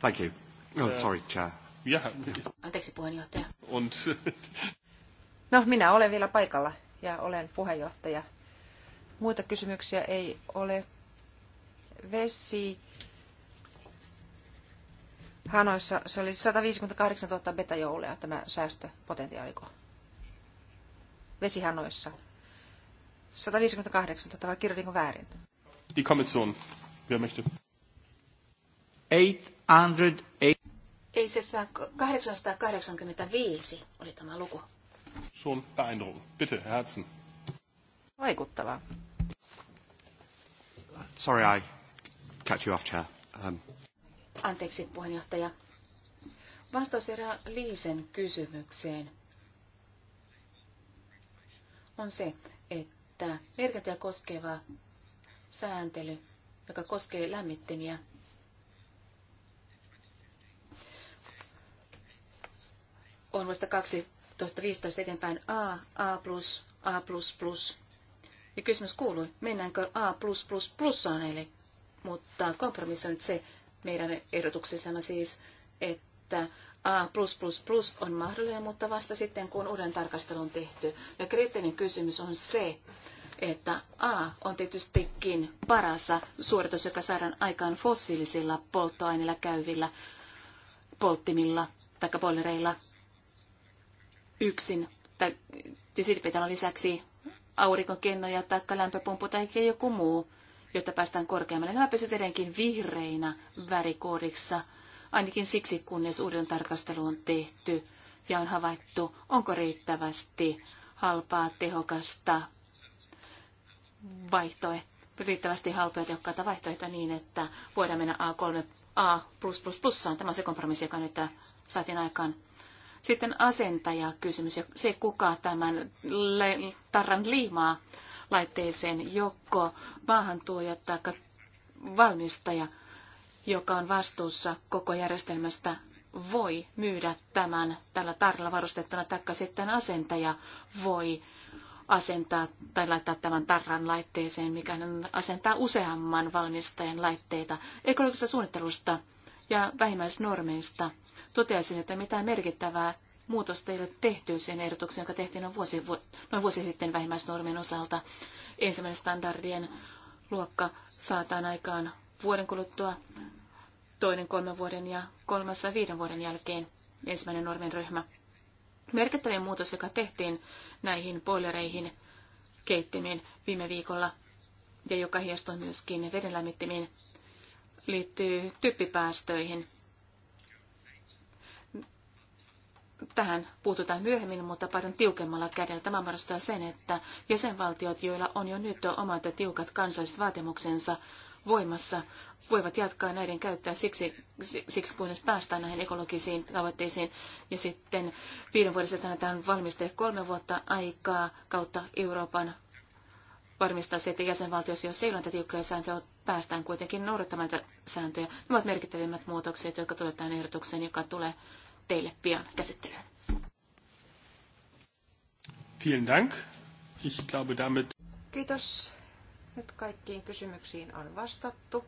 Thank you. Oh, sorry, Chair. Ja. Anteeksi puheenjohtaja. No, minä olen vielä paikalla ja olen puheenjohtaja. Muita kysymyksiä ei ole. Vesi. Hanoissa se oli 158 000 betajoulea tämä säästöpotentiaaliko? Hanoissa. 158 000, vai kirjoitinko väärin? Die Kommission, wer möchte? 808. Ei se 885 oli tämä luku. Schon beeindruckend. Bitte, Herzen. Vaikuttavaa. Sorry, I catch you off, Chair. Um... Anteeksi, puheenjohtaja. Vastaus erää Liisen kysymykseen on se, että merkintöjä koskeva sääntely, joka koskee lämmittimiä, on vasta 12.15 eteenpäin A, A+, A++. Ja kysymys kuuluu, mennäänkö A plussaan eli, mutta kompromissi on nyt se meidän ehdotuksessamme siis, että A++ on mahdollinen, mutta vasta sitten, kun uuden tarkastelun on tehty. Ja kriittinen kysymys on se, että A on tietystikin paras suoritus, joka saadaan aikaan fossiilisilla polttoaineilla käyvillä polttimilla tai boilereilla yksin, tai sillä pitää olla lisäksi aurinkokennoja tai lämpöpumppu tai joku muu, jotta päästään korkeammalle. Nämä pysyvät edelleenkin vihreinä värikoodissa, ainakin siksi kunnes uuden tarkastelu on tehty ja on havaittu, onko riittävästi halpaa, tehokasta vaihtoehtoa riittävästi halpoja tehokkaita vaihtoehtoja niin, että voidaan mennä A3, A++. Tämä on se kompromissi, joka nyt saatiin aikaan. Sitten kysymys ja se, kuka tämän tarran liimaa laitteeseen, joko maahantuoja tai valmistaja, joka on vastuussa koko järjestelmästä, voi myydä tämän tällä tarralla varustettuna, taikka sitten asentaja voi asentaa tai laittaa tämän tarran laitteeseen, mikä asentaa useamman valmistajan laitteita ekologisesta suunnittelusta ja vähimmäisnormeista – toteaisin, että mitään merkittävää muutosta ei ole tehty sen ehdotuksen, joka tehtiin noin vuosi, noin vuosi sitten vähimmäisnormien osalta. Ensimmäinen standardien luokka saataan aikaan vuoden kuluttua, toinen kolmen vuoden ja kolmas viiden vuoden jälkeen ensimmäinen normin ryhmä. Merkittävin muutos, joka tehtiin näihin boilereihin keittimiin viime viikolla ja joka hiestoi myöskin vedenlämmittimiin, liittyy typpipäästöihin – tähän puututaan myöhemmin, mutta paljon tiukemmalla kädellä. Tämä muodostaa sen, että jäsenvaltiot, joilla on jo nyt omat tiukat kansalliset vaatimuksensa voimassa, voivat jatkaa näiden käyttää siksi, siksi kunnes päästään näihin ekologisiin tavoitteisiin. Ja sitten viiden vuodessa annetaan valmistele kolme vuotta aikaa kautta Euroopan varmistaa se, että jäsenvaltioissa, jos ei ole näitä tiukkoja sääntöjä, päästään kuitenkin noudattamaan sääntöjä. Ne ovat merkittävimmät muutokset, jotka tulevat tähän ehdotukseen, joka tulee teille pian käsittelyyn. Vielen Dank. Ich glaube damit... Kiitos. Nyt kaikkiin kysymyksiin on vastattu.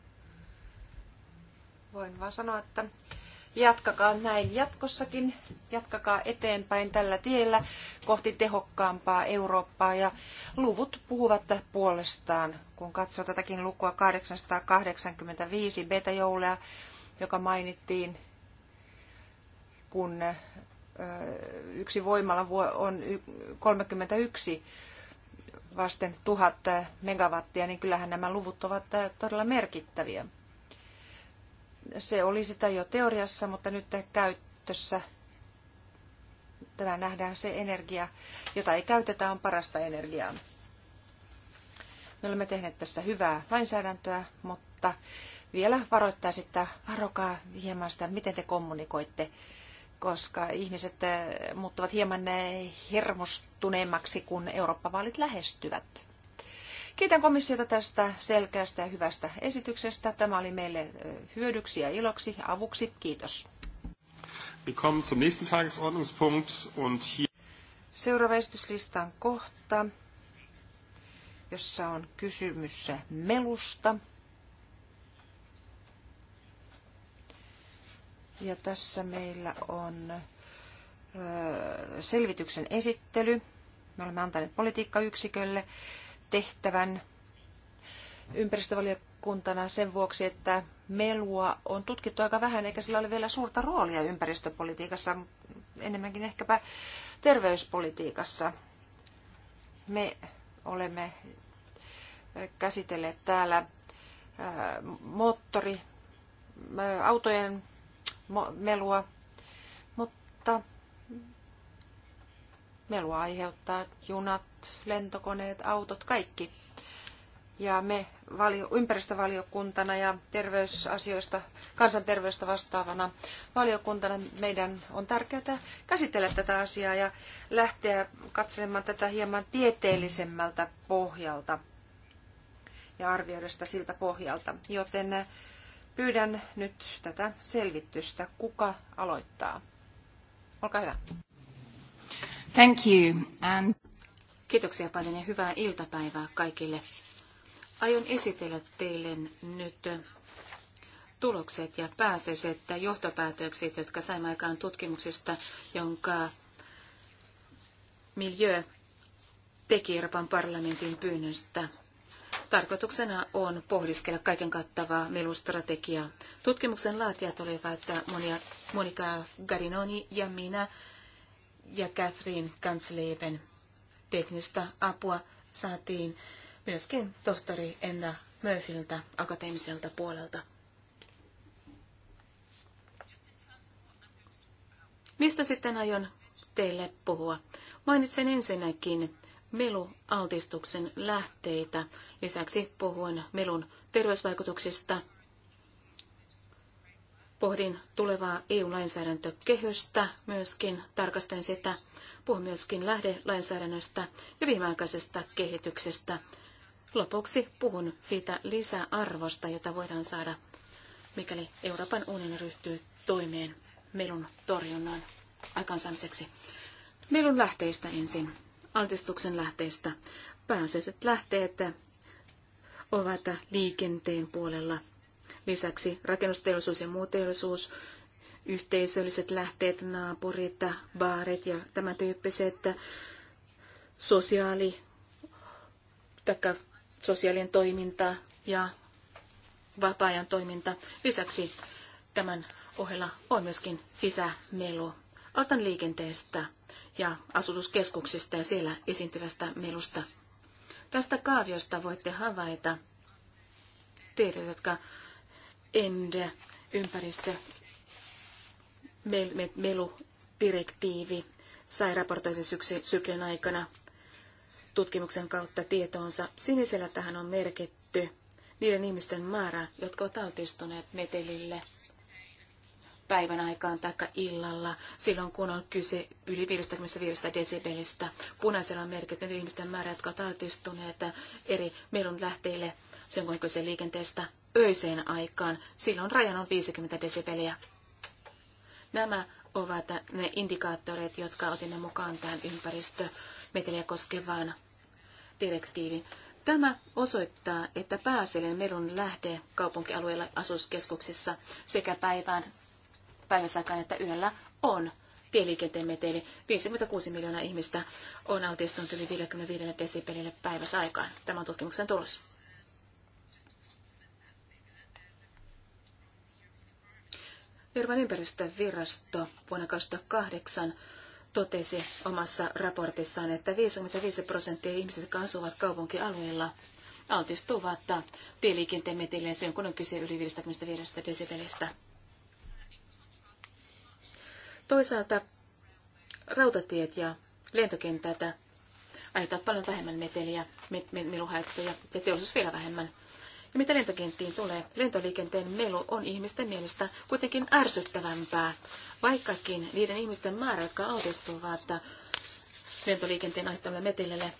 Voin vaan sanoa, että jatkakaa näin jatkossakin. Jatkakaa eteenpäin tällä tiellä kohti tehokkaampaa Eurooppaa. Ja luvut puhuvat puolestaan, kun katsoo tätäkin lukua 885 beta joka mainittiin kun yksi voimala on 31 vasten 1000 megawattia, niin kyllähän nämä luvut ovat todella merkittäviä. Se oli sitä jo teoriassa, mutta nyt käytössä tämä nähdään se energia, jota ei käytetä, on parasta energiaa. Me olemme tehneet tässä hyvää lainsäädäntöä, mutta vielä varoittaisin, että varokaa hieman sitä, miten te kommunikoitte koska ihmiset eh, muuttuvat hieman eh, hermostuneemmaksi, kun Eurooppa-vaalit lähestyvät. Kiitän komissiota tästä selkeästä ja hyvästä esityksestä. Tämä oli meille eh, hyödyksi ja iloksi, avuksi. Kiitos. Seuraava esityslistan kohta, jossa on kysymys melusta. Ja tässä meillä on selvityksen esittely. Me olemme antaneet politiikkayksikölle tehtävän ympäristövaliokuntana sen vuoksi, että melua on tutkittu aika vähän, eikä sillä ole vielä suurta roolia ympäristöpolitiikassa, enemmänkin ehkäpä terveyspolitiikassa. Me olemme käsitelleet täällä moottori, autojen melua, mutta melua aiheuttaa junat, lentokoneet, autot, kaikki. Ja me valio, ympäristövaliokuntana ja terveysasioista, kansanterveystä vastaavana valiokuntana meidän on tärkeää käsitellä tätä asiaa ja lähteä katselemaan tätä hieman tieteellisemmältä pohjalta ja arvioida sitä siltä pohjalta. Joten Pyydän nyt tätä selvitystä. Kuka aloittaa? Olkaa hyvä. Thank you. And... Kiitoksia paljon ja hyvää iltapäivää kaikille. Aion esitellä teille nyt tulokset ja pääsiset ja johtopäätökset, jotka saimme aikaan tutkimuksesta, jonka Miljö teki Euroopan parlamentin pyynnöstä. Tarkoituksena on pohdiskella kaiken kattavaa melustrategiaa. Tutkimuksen laatijat olivat Monia, Monika Garinoni ja minä ja Catherine Kansleben. Teknistä apua saatiin myöskin tohtori Enna Möfiltä akateemiselta puolelta. Mistä sitten aion teille puhua? Mainitsen ensinnäkin melualtistuksen lähteitä. Lisäksi puhuin melun terveysvaikutuksista. Pohdin tulevaa EU-lainsäädäntökehystä myöskin, tarkastan sitä. Puhun myöskin lähdelainsäädännöstä ja viimeaikaisesta kehityksestä. Lopuksi puhun siitä lisäarvosta, jota voidaan saada, mikäli Euroopan unioni ryhtyy toimeen melun torjunnan aikaansaamiseksi. Melun lähteistä ensin altistuksen lähteistä. Pääasialliset lähteet ovat liikenteen puolella. Lisäksi rakennusteollisuus ja muu teollisuus, yhteisölliset lähteet, naapurit, baarit ja tämän tyyppiset sosiaali, taikka sosiaalien toiminta ja vapaa-ajan toiminta. Lisäksi tämän ohella on myöskin sisämelu. Otan liikenteestä ja asutuskeskuksista ja siellä esiintyvästä melusta. Tästä kaaviosta voitte havaita, teidät, jotka ende ympäristö melu-direktiivi sai raportoisen syklin aikana tutkimuksen kautta tietoonsa. Sinisellä tähän on merkitty niiden ihmisten määrä, jotka ovat altistuneet metelille – päivän aikaan tai illalla, silloin kun on kyse yli 55 desibelistä. Punaisella on merkitty ihmisten määrä, jotka ovat altistuneet eri melun lähteille, sen kun kyse liikenteestä öiseen aikaan. Silloin rajan on 50 desibeliä. Nämä ovat ne indikaattorit, jotka otimme mukaan tähän ympäristömeteliä koskevaan direktiiviin. Tämä osoittaa, että pääasiallinen melun lähde kaupunkialueella asuskeskuksissa sekä päivään päiväsaikaan että yöllä on tieliikenteen meteli. 56 miljoonaa ihmistä on altistunut yli 55 desibelille päiväsaikaan. Tämä on tutkimuksen tulos. Euroopan ympäristövirasto vuonna 2008 totesi omassa raportissaan, että 55 prosenttia ihmisistä, jotka asuvat kaupunkialueilla, altistuvat tieliikenteen metille silloin, kun on kyse yli 55 desibelistä. Toisaalta rautatiet ja lentokentät aiheuttavat paljon vähemmän meteliä, meluhaittoja ja teollisuus vielä vähemmän. Ja mitä lentokenttiin tulee, lentoliikenteen melu on ihmisten mielestä kuitenkin ärsyttävämpää, vaikkakin niiden ihmisten määrä, jotka altistuvat lentoliikenteen aiheuttamalle metelille,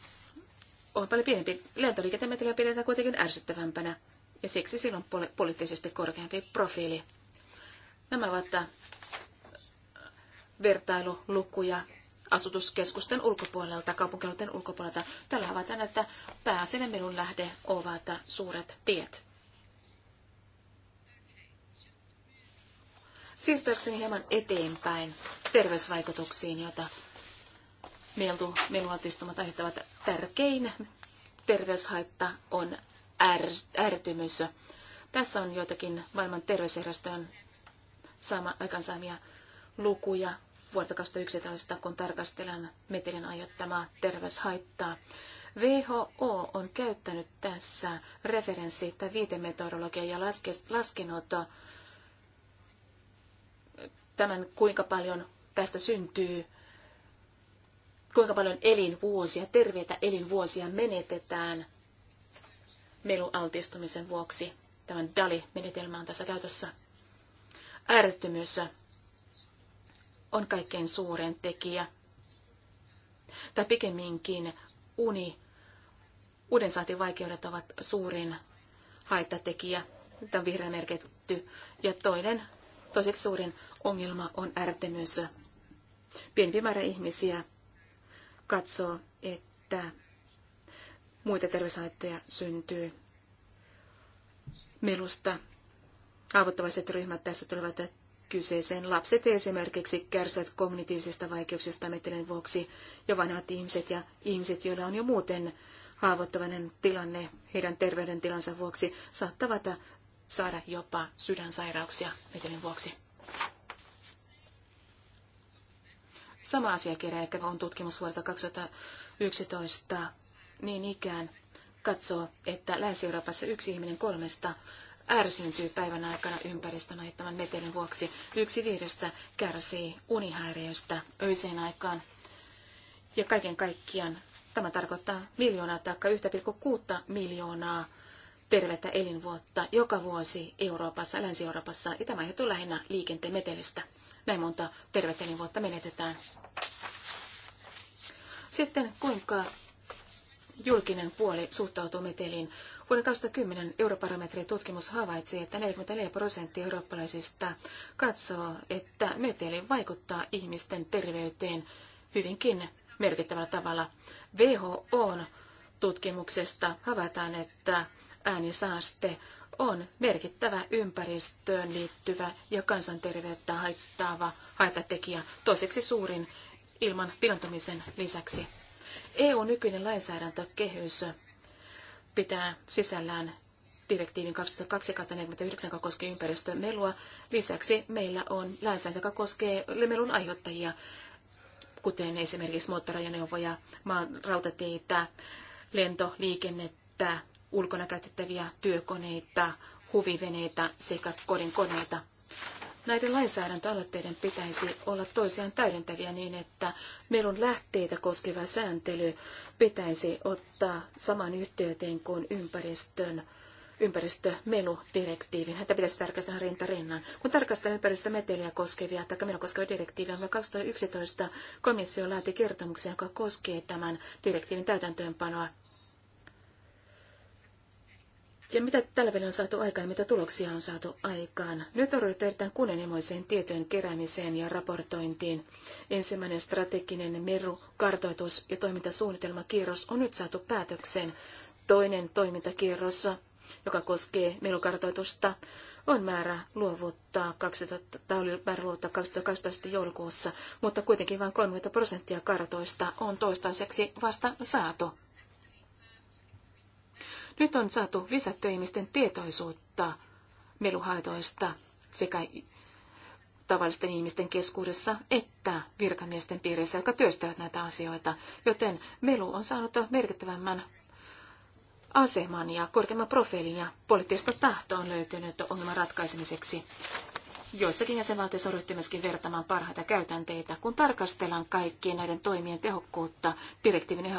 on paljon pienempi. Lentoliikenteen meteliä pidetään kuitenkin ärsyttävämpänä, ja siksi sillä on poli- poliittisesti korkeampi profiili. Nämä ovat vertailulukuja asutuskeskusten ulkopuolelta, kaupunkialueiden ulkopuolelta. Tällä havaitaan, että pääasiallinen minun lähde ovat suuret tiet. Siirtyäkseni hieman eteenpäin terveysvaikutuksiin, joita mieltu melualtistumat aiheuttavat. Tärkein terveyshaitta on är, ärtymys. Tässä on joitakin maailman terveysjärjestön aikansaamia lukuja vuotta 2011, kun tarkastellaan metelin aiheuttamaa terveyshaittaa. WHO on käyttänyt tässä referenssi- tai viitemetodologia ja laskenut tämän, kuinka paljon tästä syntyy, kuinka paljon elinvuosia, terveitä elinvuosia menetetään melualtistumisen vuoksi. Tämän DALI-menetelmä on tässä käytössä. Äärettömyys on kaikkein suuren tekijä. Tai pikemminkin uni, vaikeudet ovat suurin haittatekijä, tämä on vihreä merkitty. Ja toinen, toiseksi suurin ongelma on ärtymys. Pienempi määrä ihmisiä katsoo, että muita terveyshaittoja syntyy melusta. Haavoittavaiset ryhmät tässä tulevat kyseeseen. Lapset esimerkiksi kärsivät kognitiivisista vaikeuksista metelen vuoksi jo vanhat ihmiset ja ihmiset, joilla on jo muuten haavoittuvainen tilanne heidän terveydentilansa vuoksi, saattavat saada jopa sydänsairauksia metelin vuoksi. Sama asiakirja, että on tutkimus vuodelta 2011, niin ikään katsoo, että Länsi-Euroopassa yksi ihminen kolmesta ärsyntyy päivän aikana ympäristön aiheuttaman metelin vuoksi. Yksi viidestä kärsii unihäiriöstä öiseen aikaan. Ja kaiken kaikkiaan tämä tarkoittaa miljoonaa tai 1,6 miljoonaa tervettä elinvuotta joka vuosi Euroopassa, Länsi-Euroopassa, ja tämä aiheutuu lähinnä liikenteen metelistä. Näin monta tervettä elinvuotta menetetään. Sitten kuinka julkinen puoli suhtautuu meteliin. Vuoden 2010 europarometrin tutkimus havaitsi, että 44 prosenttia eurooppalaisista katsoo, että meteli vaikuttaa ihmisten terveyteen hyvinkin merkittävällä tavalla. WHOn tutkimuksesta havaitaan, että äänisaaste on merkittävä ympäristöön liittyvä ja kansanterveyttä haittaava haittatekijä, toiseksi suurin ilman pilantumisen lisäksi. EU-nykyinen lainsäädäntökehys pitää sisällään direktiivin 2249, joka koskee ympäristömelua. Lisäksi meillä on lainsäädäntö, joka koskee melun aiheuttajia, kuten esimerkiksi moottorajaneuvoja, rautateitä, lentoliikennettä, ulkona käytettäviä työkoneita, huviveneitä sekä kodin koneita. Näiden lainsäädäntöaloitteiden pitäisi olla toisiaan täydentäviä niin, että melun lähteitä koskeva sääntely pitäisi ottaa saman yhteyteen kuin ympäristön ympäristömeludirektiivin. Häntä pitäisi tarkastella rinta rinnan. Kun tarkastellaan ympäristömeteliä koskevia tai melua koskevia direktiiviä, vuonna 2011 komissio laati kertomuksen, joka koskee tämän direktiivin täytäntöönpanoa ja mitä tällä välillä on saatu aikaan, mitä tuloksia on saatu aikaan? Nyt on ryhdytty erittäin kunnianhimoiseen tietojen keräämiseen ja raportointiin. Ensimmäinen strateginen meru, kartoitus ja toimintasuunnitelmakierros on nyt saatu päätökseen. Toinen toimintakierros, joka koskee melukartoitusta, on määrä luovuttaa 2000, oli määrä luovuttaa 2012 joulukuussa, mutta kuitenkin vain 30 prosenttia kartoista on toistaiseksi vasta saatu nyt on saatu lisätty ihmisten tietoisuutta meluhaitoista sekä tavallisten ihmisten keskuudessa että virkamiesten piirissä, jotka työstävät näitä asioita, joten melu on saanut merkittävämmän aseman ja korkeamman profiilin ja poliittista tahtoa on löytynyt ongelman ratkaisemiseksi. Joissakin jäsenvaltioissa on ryhty myöskin vertaamaan parhaita käytänteitä. Kun tarkastellaan kaikkien näiden toimien tehokkuutta, direktiivin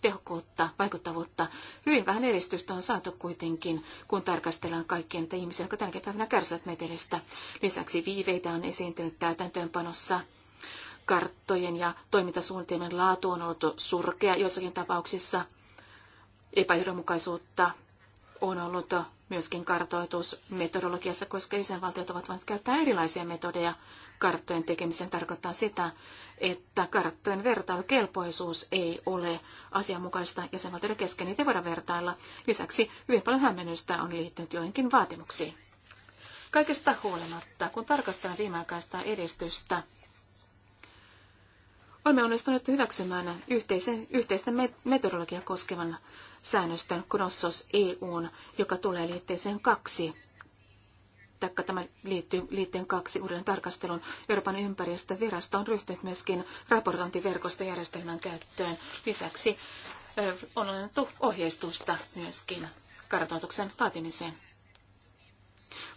tehokkuutta, vaikuttavuutta, hyvin vähän edistystä on saatu kuitenkin, kun tarkastellaan kaikkien niitä ihmisiä, jotka tänäkin päivänä kärsivät metelistä. Lisäksi viiveitä on esiintynyt täytäntöönpanossa karttojen ja toimintasuunnitelmien laatu on ollut surkea joissakin tapauksissa epäjohdonmukaisuutta on ollut myöskin kartoitusmetodologiassa, koska isänvaltiot ovat voineet käyttää erilaisia metodeja karttojen tekemiseen. Tarkoittaa sitä, että karttojen vertailukelpoisuus ei ole asianmukaista jäsenvaltioiden kesken. Niitä ei voida vertailla. Lisäksi hyvin paljon hämmennystä on liittynyt joihinkin vaatimuksiin. Kaikesta huolimatta, kun tarkastellaan viimeaikaista edistystä, olemme onnistuneet hyväksymään yhteisen, yhteistä metodologiaa koskevan säännöstön Knossos EUn, joka tulee liitteeseen kaksi taikka tämä liittyy liitteen kaksi uuden tarkastelun. Euroopan ympäristövirasto on ryhtynyt myöskin raportointiverkostojärjestelmän käyttöön. Lisäksi on annettu ohjeistusta myöskin kartoituksen laatimiseen.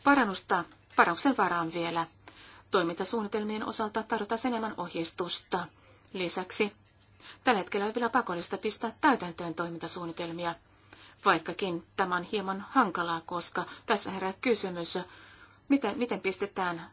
Parannusta, parannuksen varaan vielä. Toimintasuunnitelmien osalta tarvitaan enemmän ohjeistusta. Lisäksi Tällä hetkellä on vielä pakollista pistää täytäntöön toimintasuunnitelmia, vaikkakin tämä on hieman hankalaa, koska tässä herää kysymys, miten, miten pistetään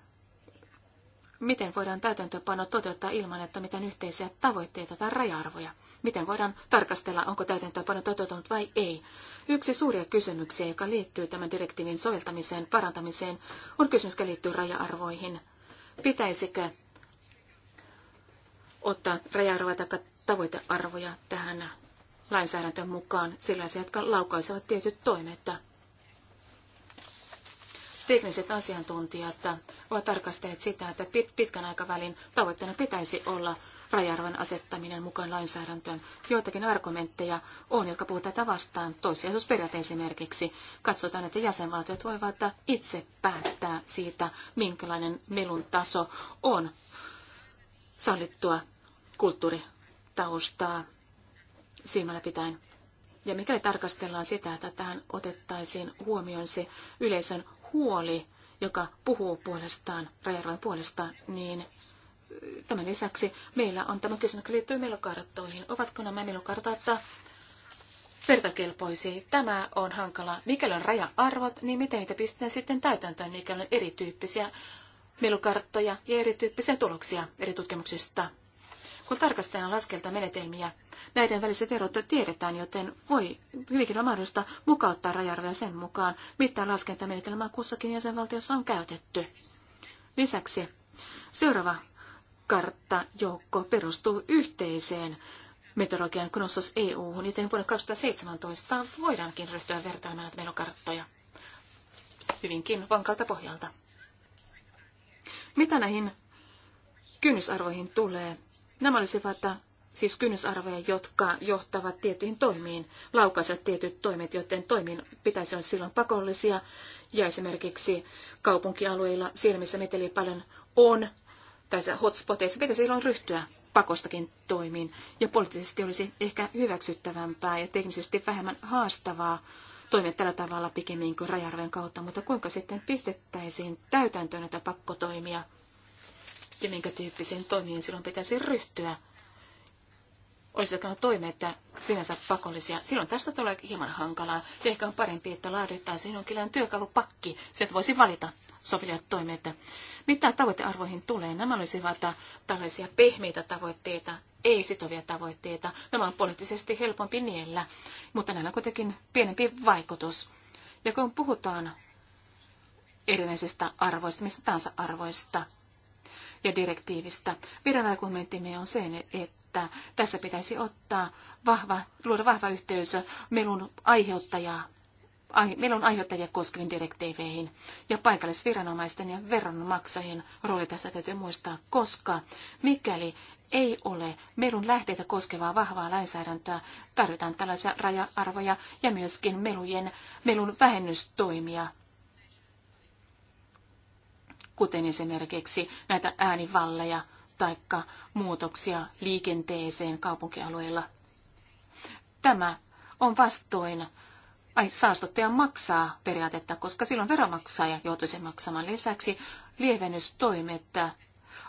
Miten voidaan täytäntöpano toteuttaa ilman, että mitään yhteisiä tavoitteita tai raja-arvoja? Miten voidaan tarkastella, onko täytäntöpano toteutunut vai ei? Yksi suuria kysymyksiä, joka liittyy tämän direktiivin soveltamiseen, parantamiseen, on kysymys, joka liittyy raja-arvoihin. Pitäisikö ottaa raja-arvoja tai tavoitearvoja tähän lainsäädäntöön mukaan, sellaisia, jotka laukaisevat tietyt toimet. Tekniset asiantuntijat ovat tarkastelleet sitä, että pitkän aikavälin tavoitteena pitäisi olla rajarvon asettaminen mukaan lainsäädäntöön. Joitakin argumentteja on, jotka puhuvat tätä vastaan. Toissijaisuusperiaate esimerkiksi. Katsotaan, että jäsenvaltiot voivat itse päättää siitä, minkälainen melun taso on sallittua kulttuuri taustaa silmällä pitäen. Ja mikäli tarkastellaan sitä, että tähän otettaisiin huomioon se yleisön huoli, joka puhuu puolestaan, rajarvojen puolestaan, niin tämän lisäksi meillä on tämä kysymys, joka liittyy melokarttoihin. Ovatko nämä melokartat vertakelpoisia? Tämä on hankala. Mikäli on raja-arvot, niin miten niitä pistetään sitten täytäntöön, mikäli on erityyppisiä melukarttoja ja erityyppisiä tuloksia eri tutkimuksista. Kun tarkastellaan menetelmiä, näiden väliset erot tiedetään, joten voi hyvinkin olla mahdollista mukauttaa rajarvoja sen mukaan, mitä laskentamenetelmää kussakin jäsenvaltiossa on käytetty. Lisäksi seuraava karttajoukko perustuu yhteiseen meteorologian Knossos EU, joten vuonna 2017 voidaankin ryhtyä vertailemaan näitä menokarttoja hyvinkin vankalta pohjalta. Mitä näihin kynnysarvoihin tulee, Nämä olisivat äh, siis kynnysarvoja, jotka johtavat tiettyihin toimiin, laukaisevat tietyt toimet, joten toimiin pitäisi olla silloin pakollisia. Ja esimerkiksi kaupunkialueilla, siellä missä meteliä paljon on, tai hotspoteissa pitäisi silloin ryhtyä pakostakin toimiin. Ja poliittisesti olisi ehkä hyväksyttävämpää ja teknisesti vähemmän haastavaa toimia tällä tavalla pikemmin kuin rajarven kautta, mutta kuinka sitten pistettäisiin täytäntöön näitä pakkotoimia ja minkä tyyppisiin toimiin silloin pitäisi ryhtyä. Olisitko että sinänsä pakollisia? Silloin tästä tulee hieman hankalaa ja ehkä on parempi, että sinun jonkinlainen työkalupakki. Sieltä voisi valita soveliat toimeet. Mitä tavoitearvoihin tulee? Nämä olisivat tällaisia pehmeitä tavoitteita, ei sitovia tavoitteita. Nämä on poliittisesti helpompi niellä, mutta näillä on kuitenkin pienempi vaikutus. Ja kun puhutaan erinäisistä arvoista, mistä tahansa arvoista, ja direktiivistä. Viranakommenttimme on sen, että tässä pitäisi ottaa vahva, luoda vahva yhteys melun aiheuttajaa melun aiheuttajia koskeviin direktiiveihin ja paikallisviranomaisten ja veronmaksajien rooli tässä täytyy muistaa, koska mikäli ei ole melun lähteitä koskevaa vahvaa lainsäädäntöä, tarvitaan tällaisia raja-arvoja ja myöskin melujen, melun vähennystoimia kuten esimerkiksi näitä äänivalleja tai muutoksia liikenteeseen kaupunkialueilla. Tämä on vastoin ai, saastuttaja maksaa periaatetta, koska silloin veromaksaja joutuisi maksamaan lisäksi lievennystoimet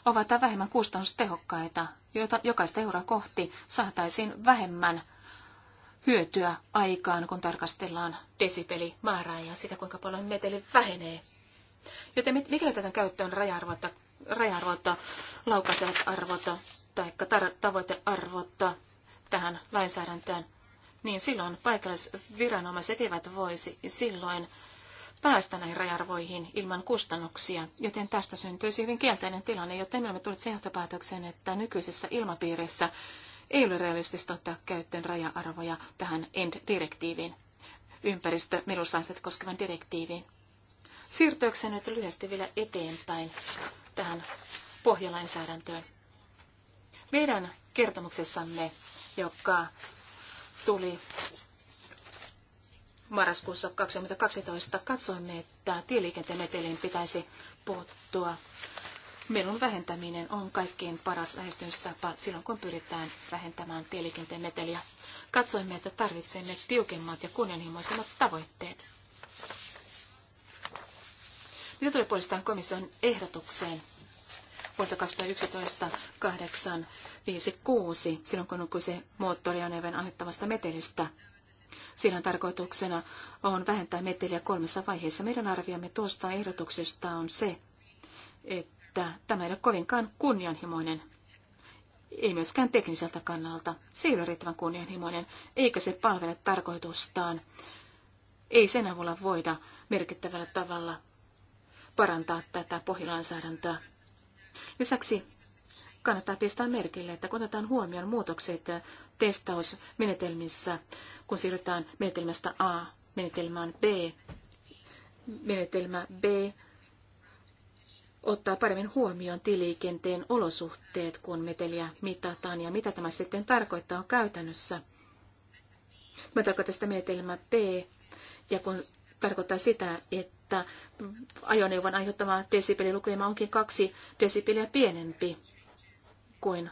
ovat vähemmän kustannustehokkaita, joita jokaista euroa kohti saataisiin vähemmän hyötyä aikaan, kun tarkastellaan desibelimäärää ja sitä, kuinka paljon meteli vähenee Joten mikäli tätä käyttöön raja-arvot, raja-arvot laukaisevat arvot tai tar- tavoitearvot tähän lainsäädäntöön, niin silloin paikallisviranomaiset eivät voisi silloin päästä näihin rajarvoihin ilman kustannuksia, joten tästä syntyisi hyvin kielteinen tilanne, joten me olemme tulleet sen johtopäätökseen, että nykyisessä ilmapiirissä ei ole realistista ottaa käyttöön raja-arvoja tähän END-direktiiviin, ympäristö koskevan direktiiviin. Siirtyäkseni nyt lyhyesti vielä eteenpäin tähän pohjalainsäädäntöön. Meidän kertomuksessamme, joka tuli marraskuussa 2012, katsoimme, että tieliikenteen meteliin pitäisi puuttua. Melun vähentäminen on kaikkein paras lähestymistapa silloin, kun pyritään vähentämään tieliikenteen meteliä. Katsoimme, että tarvitsemme tiukemmat ja kunnianhimoisemmat tavoitteet. Mitä tulee puolestaan komission ehdotukseen vuodelta 2011 856, silloin kun on kyse moottorianeven annettavasta metelistä. Siinä tarkoituksena on vähentää meteliä kolmessa vaiheessa. Meidän arviamme tuosta ehdotuksesta on se, että tämä ei ole kovinkaan kunnianhimoinen ei myöskään tekniseltä kannalta. Se ei ole riittävän kunnianhimoinen, eikä se palvele tarkoitustaan. Ei sen avulla voida merkittävällä tavalla parantaa tätä pohjalainsäädäntöä. Lisäksi kannattaa pistää merkille, että kun otetaan huomioon muutokset testausmenetelmissä, kun siirrytään menetelmästä A menetelmään B, menetelmä B ottaa paremmin huomioon tiliikenteen olosuhteet, kun meteliä mitataan ja mitä tämä sitten tarkoittaa käytännössä. Mä tarkoitan sitä menetelmä B, ja kun tarkoittaa sitä, että että ajoneuvon aiheuttama desibelilukema onkin kaksi desibeliä pienempi kuin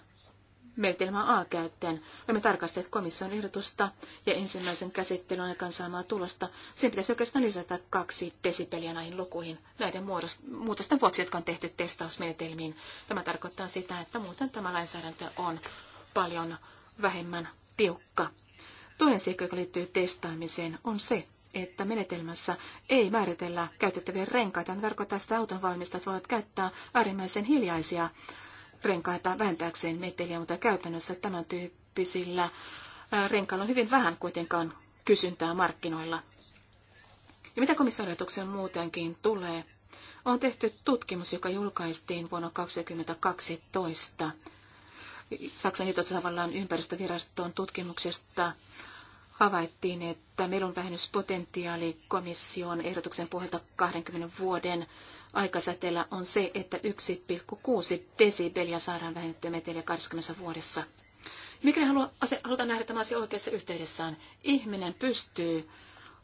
meritelmä A-käyttäen. Olemme tarkastelleet komission ehdotusta ja ensimmäisen käsittelyn aikaan saamaa tulosta. Sen pitäisi oikeastaan lisätä kaksi desibeliä näihin lukuihin näiden muutosten vuoksi, jotka on tehty testausmenetelmiin. Tämä tarkoittaa sitä, että muuten tämä lainsäädäntö on paljon vähemmän tiukka. Toinen seikka, joka liittyy testaamiseen, on se, että menetelmässä ei määritellä käytettäviä renkaita. Tämä tarkoittaa, että auton valmistajat voivat käyttää äärimmäisen hiljaisia renkaita vähentääkseen meteliä, mutta käytännössä tämän tyyppisillä renkailla on hyvin vähän kuitenkaan kysyntää markkinoilla. Ja mitä komissioidotuksen muutenkin tulee? On tehty tutkimus, joka julkaistiin vuonna 2012. Saksan liitotasavallan ympäristöviraston tutkimuksesta havaittiin, että melun vähennyspotentiaali komission ehdotuksen pohjalta 20 vuoden aikasäteellä on se, että 1,6 desibeliä saadaan vähennettyä meteliä 20 vuodessa. Mikä halutaan nähdä tämä asia oikeassa yhteydessään, ihminen pystyy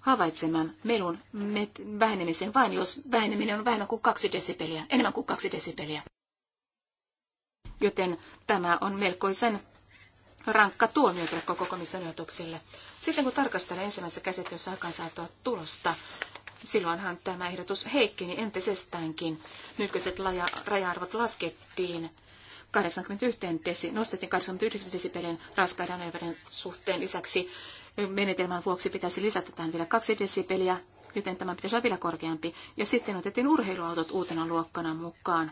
havaitsemaan melun met- vähenemisen vain, jos väheneminen on vähemmän kuin kaksi desibeliä, enemmän kuin kaksi desibeliä. Joten tämä on melkoisen rankka tuomio tälle koko komission ehdotukselle. Sitten kun tarkastellaan ensimmäisessä käsittelyssä saatua tulosta, silloinhan tämä ehdotus heikkeni entisestäänkin. Nykyiset raja-arvot laskettiin 81 desi, nostettiin 89 desibelin raskaiden ajoneuvojen suhteen lisäksi. Menetelmän vuoksi pitäisi lisätä tähän vielä kaksi desibeliä, joten tämä pitäisi olla vielä korkeampi. Ja sitten otettiin urheiluautot uutena luokkana mukaan.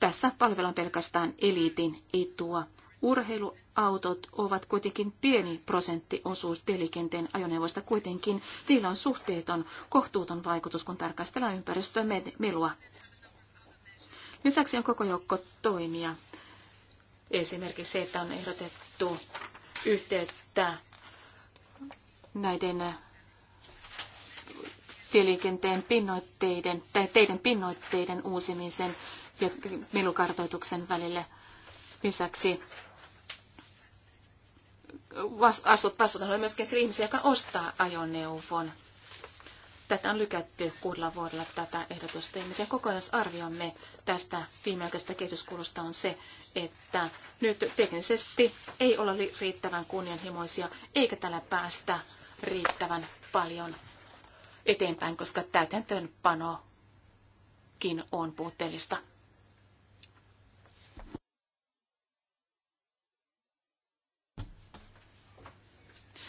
Tässä palvellaan pelkästään eliitin etua. Urheiluautot ovat kuitenkin pieni prosenttiosuus tieliikenteen ajoneuvoista kuitenkin. Niillä on suhteeton, kohtuuton vaikutus, kun tarkastellaan ympäristöä melua. Lisäksi on koko joukko toimia. Esimerkiksi se, että on ehdotettu yhteyttä näiden äh, tieliikenteen pinnoitteiden tai teiden pinnoitteiden uusimisen ja melukartoituksen välille. Lisäksi asut vastuuton on myöskin sillä ihmisiä, joka ostaa ajoneuvon. Tätä on lykätty kuudella vuodella tätä ehdotusta. Ja miten kokonaisarviomme tästä viimeaikaisesta kehityskulusta on se, että nyt teknisesti ei olla riittävän kunnianhimoisia, eikä tällä päästä riittävän paljon eteenpäin, koska täytäntöönpanokin on puutteellista.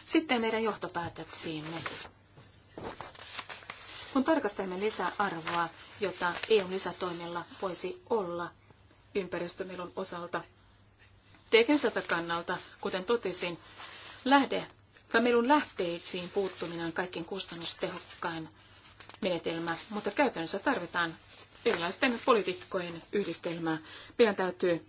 Sitten meidän johtopäätöksiimme. Kun tarkastelemme lisäarvoa, jota eu lisätoimilla voisi olla ympäristömelun osalta, tekniseltä kannalta, kuten totesin, lähde melun lähteisiin puuttuminen on kustannustehokkain menetelmä, mutta käytännössä tarvitaan erilaisten poliitikkojen yhdistelmää. Meidän täytyy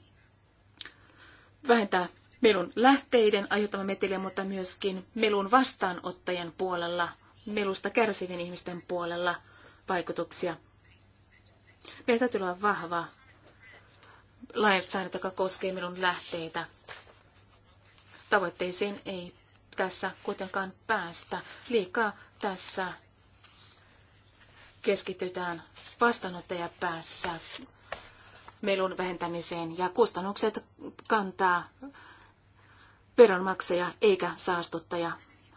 vähentää melun lähteiden aiheuttama meteliä, mutta myöskin melun vastaanottajan puolella, melusta kärsivien ihmisten puolella vaikutuksia. Meillä täytyy olla vahva lainsäädäntö, joka koskee melun lähteitä. Tavoitteisiin ei tässä kuitenkaan päästä. Liikaa tässä keskitytään päässä melun vähentämiseen ja kustannukset kantaa veronmaksaja eikä saastuttaja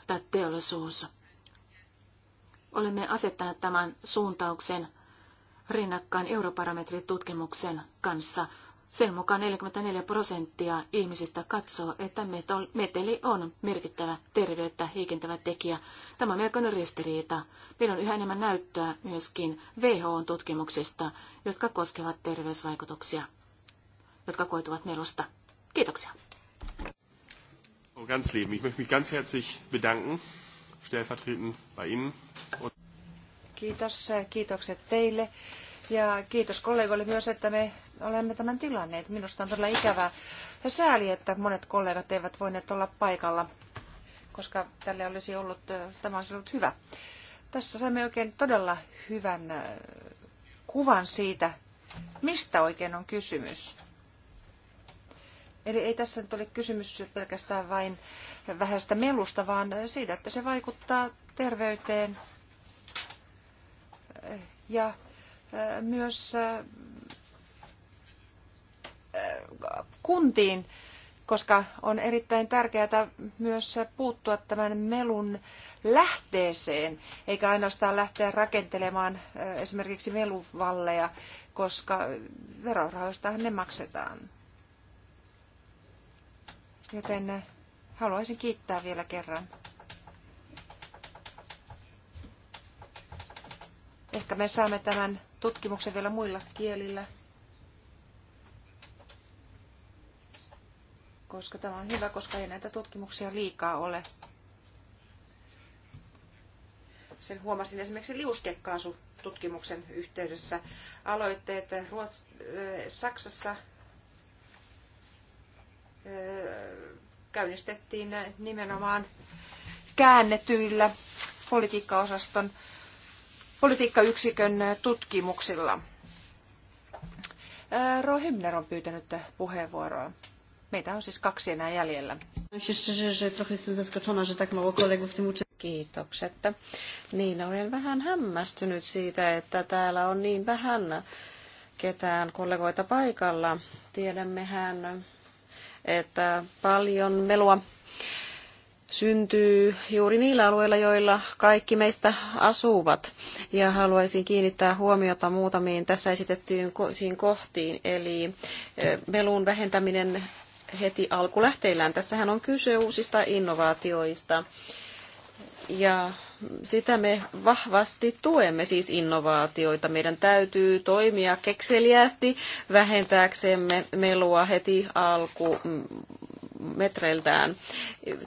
tai teollisuus. Olemme asettaneet tämän suuntauksen rinnakkain europarametritutkimuksen tutkimuksen kanssa. Sen mukaan 44 prosenttia ihmisistä katsoo, että meteli on merkittävä terveyttä heikentävä tekijä. Tämä on melkoinen ristiriita. Meillä on yhä enemmän näyttöä myöskin WHO-tutkimuksista, jotka koskevat terveysvaikutuksia, jotka koituvat melusta. Kiitoksia. Frau Ganzleben, ich möchte mich ganz herzlich bedanken, stellvertretend bei Ihnen. Kiitos, kiitokset teille ja kiitos kollegoille myös, että me olemme tämän tilanneet. Minusta on todella ikävää ja sääli, että monet kollegat eivät voineet olla paikalla, koska tälle olisi ollut, tämä olisi ollut hyvä. Tässä saimme oikein todella hyvän kuvan siitä, mistä oikein on kysymys. Eli ei tässä nyt ole kysymys pelkästään vain vähäistä melusta, vaan siitä, että se vaikuttaa terveyteen ja myös kuntiin, koska on erittäin tärkeää myös puuttua tämän melun lähteeseen, eikä ainoastaan lähteä rakentelemaan esimerkiksi meluvalleja, koska verorahoistahan ne maksetaan. Joten haluaisin kiittää vielä kerran. Ehkä me saamme tämän tutkimuksen vielä muilla kielillä, koska tämä on hyvä, koska ei näitä tutkimuksia liikaa ole. Sen huomasin esimerkiksi liuskekaasututkimuksen tutkimuksen yhteydessä aloitteet Ruots- Saksassa käynnistettiin nimenomaan käännetyillä politiikkaosaston politiikkayksikön tutkimuksilla. Ro Hymner on pyytänyt puheenvuoroa. Meitä on siis kaksi enää jäljellä. Kiitokset. Niin, olen vähän hämmästynyt siitä, että täällä on niin vähän ketään kollegoita paikalla. Tiedämmehän että paljon melua syntyy juuri niillä alueilla, joilla kaikki meistä asuvat. Ja haluaisin kiinnittää huomiota muutamiin tässä esitettyihin kohtiin, eli melun vähentäminen heti alkulähteillään. Tässähän on kyse uusista innovaatioista ja sitä me vahvasti tuemme siis innovaatioita. Meidän täytyy toimia kekseliästi vähentääksemme melua heti alku mm, metreiltään.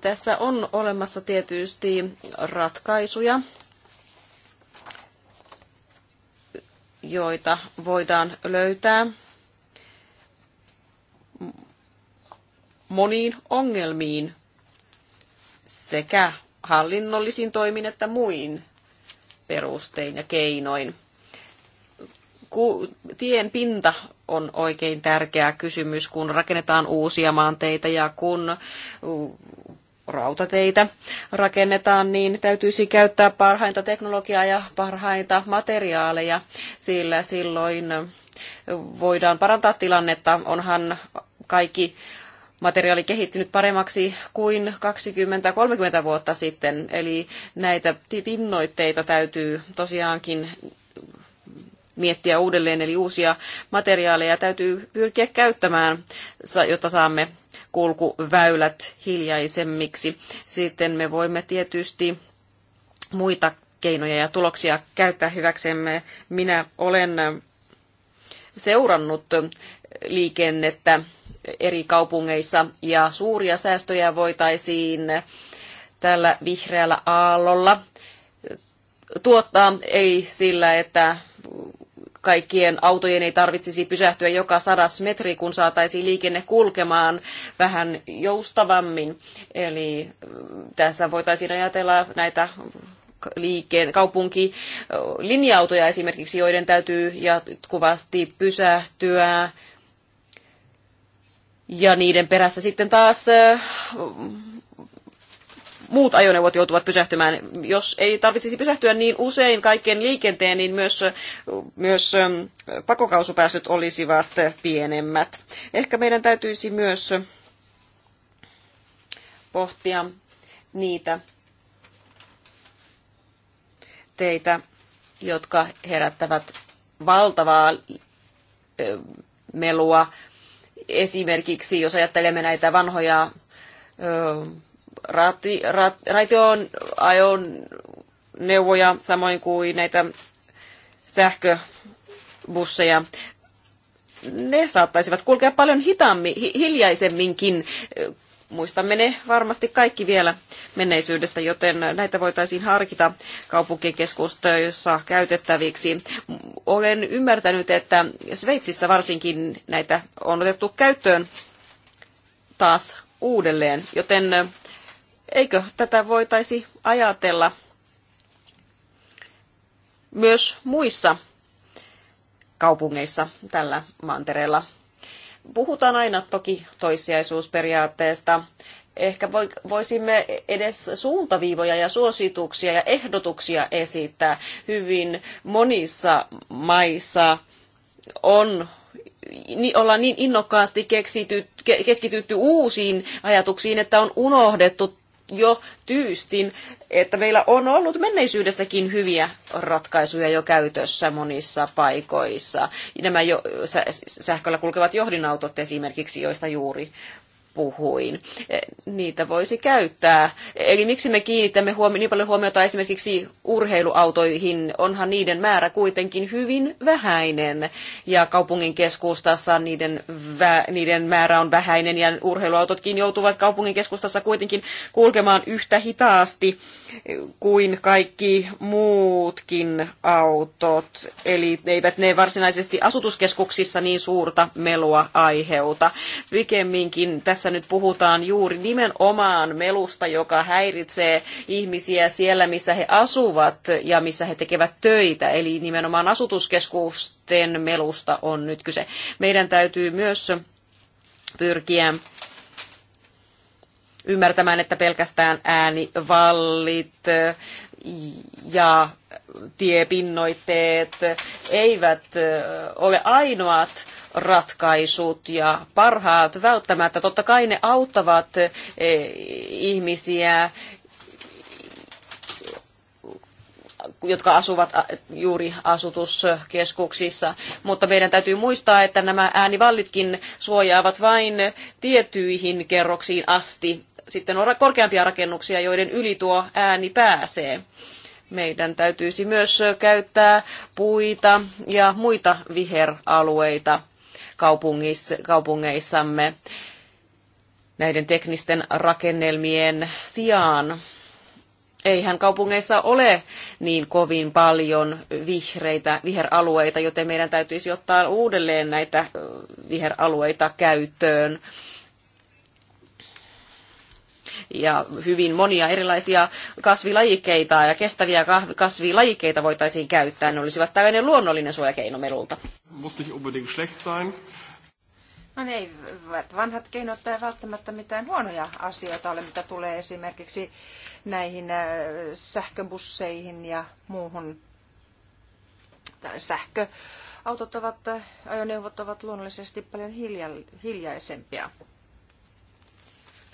Tässä on olemassa tietysti ratkaisuja, joita voidaan löytää moniin ongelmiin sekä hallinnollisin toimin että muin perustein ja keinoin. Tien pinta on oikein tärkeä kysymys, kun rakennetaan uusia maanteita ja kun rautateitä rakennetaan, niin täytyisi käyttää parhainta teknologiaa ja parhainta materiaaleja, sillä silloin voidaan parantaa tilannetta. Onhan kaikki materiaali kehittynyt paremmaksi kuin 20-30 vuotta sitten. Eli näitä pinnoitteita täytyy tosiaankin miettiä uudelleen, eli uusia materiaaleja täytyy pyrkiä käyttämään, jotta saamme kulkuväylät hiljaisemmiksi. Sitten me voimme tietysti muita keinoja ja tuloksia käyttää hyväksemme. Minä olen seurannut liikennettä eri kaupungeissa ja suuria säästöjä voitaisiin tällä vihreällä aallolla tuottaa, ei sillä, että kaikkien autojen ei tarvitsisi pysähtyä joka sadas metri, kun saataisiin liikenne kulkemaan vähän joustavammin. Eli mm, tässä voitaisiin ajatella näitä liikkeen, kaupunki, linja-autoja esimerkiksi, joiden täytyy jatkuvasti pysähtyä ja niiden perässä sitten taas muut ajoneuvot joutuvat pysähtymään. Jos ei tarvitsisi pysähtyä niin usein kaiken liikenteen, niin myös, myös pakokausupäästöt olisivat pienemmät. Ehkä meidän täytyisi myös pohtia niitä teitä, jotka herättävät valtavaa melua Esimerkiksi jos ajattelemme näitä vanhoja raitioon, ra, ajon neuvoja, samoin kuin näitä sähköbusseja, ne saattaisivat kulkea paljon hitaammin, hi, hiljaisemminkin Muistamme ne varmasti kaikki vielä menneisyydestä, joten näitä voitaisiin harkita kaupunkien keskustoissa käytettäviksi. Olen ymmärtänyt, että Sveitsissä varsinkin näitä on otettu käyttöön taas uudelleen, joten eikö tätä voitaisi ajatella myös muissa kaupungeissa tällä mantereella. Puhutaan aina toki toissijaisuusperiaatteesta. Ehkä voisimme edes suuntaviivoja ja suosituksia ja ehdotuksia esittää. Hyvin monissa maissa on olla niin innokkaasti keksityt, keskitytty uusiin ajatuksiin, että on unohdettu jo tyystin, että meillä on ollut menneisyydessäkin hyviä ratkaisuja jo käytössä monissa paikoissa. Nämä jo, sähköllä kulkevat johdinautot esimerkiksi, joista juuri puhuin. Eh, niitä voisi käyttää. Eli miksi me kiinnitämme huomi- niin paljon huomiota esimerkiksi urheiluautoihin? Onhan niiden määrä kuitenkin hyvin vähäinen. Ja kaupungin keskustassa niiden, vä- niiden määrä on vähäinen ja urheiluautotkin joutuvat kaupungin keskustassa kuitenkin kulkemaan yhtä hitaasti kuin kaikki muutkin autot. Eli eivät ne varsinaisesti asutuskeskuksissa niin suurta melua aiheuta. Pikemminkin tässä tässä nyt puhutaan juuri nimenomaan melusta, joka häiritsee ihmisiä siellä, missä he asuvat ja missä he tekevät töitä. Eli nimenomaan asutuskeskusten melusta on nyt kyse. Meidän täytyy myös pyrkiä ymmärtämään, että pelkästään äänivallit ja tiepinnoitteet eivät ole ainoat ratkaisut ja parhaat välttämättä. Totta kai ne auttavat eh, ihmisiä jotka asuvat juuri asutuskeskuksissa. Mutta meidän täytyy muistaa, että nämä äänivallitkin suojaavat vain tiettyihin kerroksiin asti. Sitten on korkeampia rakennuksia, joiden yli tuo ääni pääsee. Meidän täytyisi myös käyttää puita ja muita viheralueita kaupungeissamme näiden teknisten rakennelmien sijaan. Eihän kaupungeissa ole niin kovin paljon vihreitä viheralueita, joten meidän täytyisi ottaa uudelleen näitä viheralueita käyttöön ja hyvin monia erilaisia kasvilajikkeita ja kestäviä kasvilajikkeita voitaisiin käyttää. Ne olisivat tällainen luonnollinen suojakeino melulta. Muss nicht unbedingt schlecht sein. No ei niin, vanhat keinot ei välttämättä mitään huonoja asioita ole, mitä tulee esimerkiksi näihin äh, sähköbusseihin ja muuhun. Sähköautot ovat, äh, ajoneuvot ovat luonnollisesti paljon hiljaisempia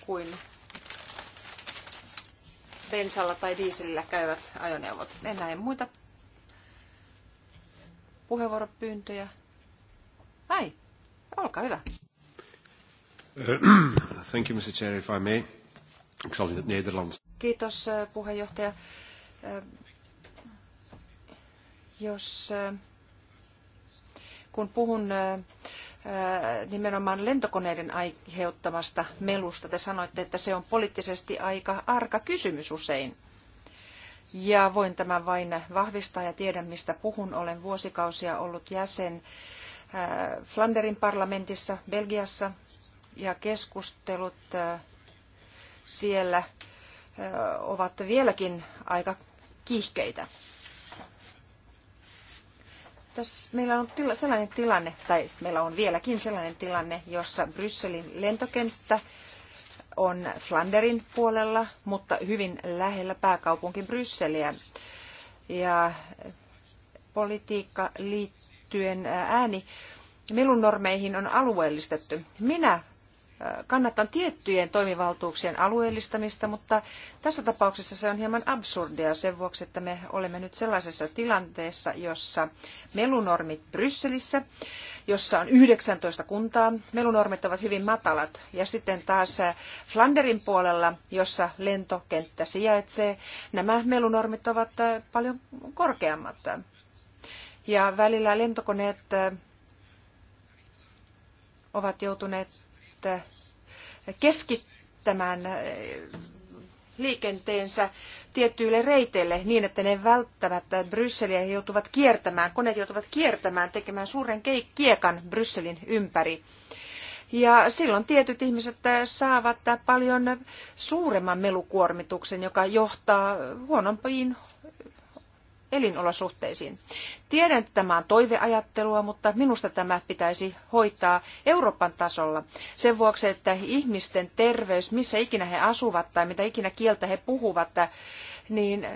kuin bensalla tai diiselillä käyvät ajoneuvot. En näe muita puheenvuoropyyntöjä. Ai, olkaa hyvä. Äh, thank you, Mr. Chair, if I may. in Kiitos äh, puheenjohtaja. Äh, jos kun puhun nimenomaan lentokoneiden aiheuttamasta melusta. Te sanoitte, että se on poliittisesti aika arka kysymys usein. Ja voin tämän vain vahvistaa ja tiedän, mistä puhun. Olen vuosikausia ollut jäsen Flanderin parlamentissa Belgiassa ja keskustelut siellä ovat vieläkin aika kiihkeitä tässä meillä on tila, sellainen tilanne, tai meillä on vieläkin sellainen tilanne, jossa Brysselin lentokenttä on Flanderin puolella, mutta hyvin lähellä pääkaupunki Brysseliä. Ja politiikka liittyen ääni melunormeihin on alueellistettu. Minä kannatan tiettyjen toimivaltuuksien alueellistamista, mutta tässä tapauksessa se on hieman absurdia sen vuoksi, että me olemme nyt sellaisessa tilanteessa, jossa melunormit Brysselissä, jossa on 19 kuntaa, melunormit ovat hyvin matalat. Ja sitten taas äh, Flanderin puolella, jossa lentokenttä sijaitsee, nämä melunormit ovat äh, paljon korkeammat. Ja välillä lentokoneet äh, ovat joutuneet Eh, keskittämään eh, liikenteensä tiettyille reiteille niin, että ne välttävät eh, Brysseliä ja joutuvat kiertämään, koneet joutuvat kiertämään, tekemään suuren kiekan Brysselin ympäri. Ja silloin tietyt ihmiset saavat paljon suuremman melukuormituksen, joka johtaa huonompiin elinolosuhteisiin. Tiedän, että tämä on toiveajattelua, mutta minusta tämä pitäisi hoitaa Euroopan tasolla. Sen vuoksi, että ihmisten terveys, missä ikinä he asuvat tai mitä ikinä kieltä he puhuvat, niin eh,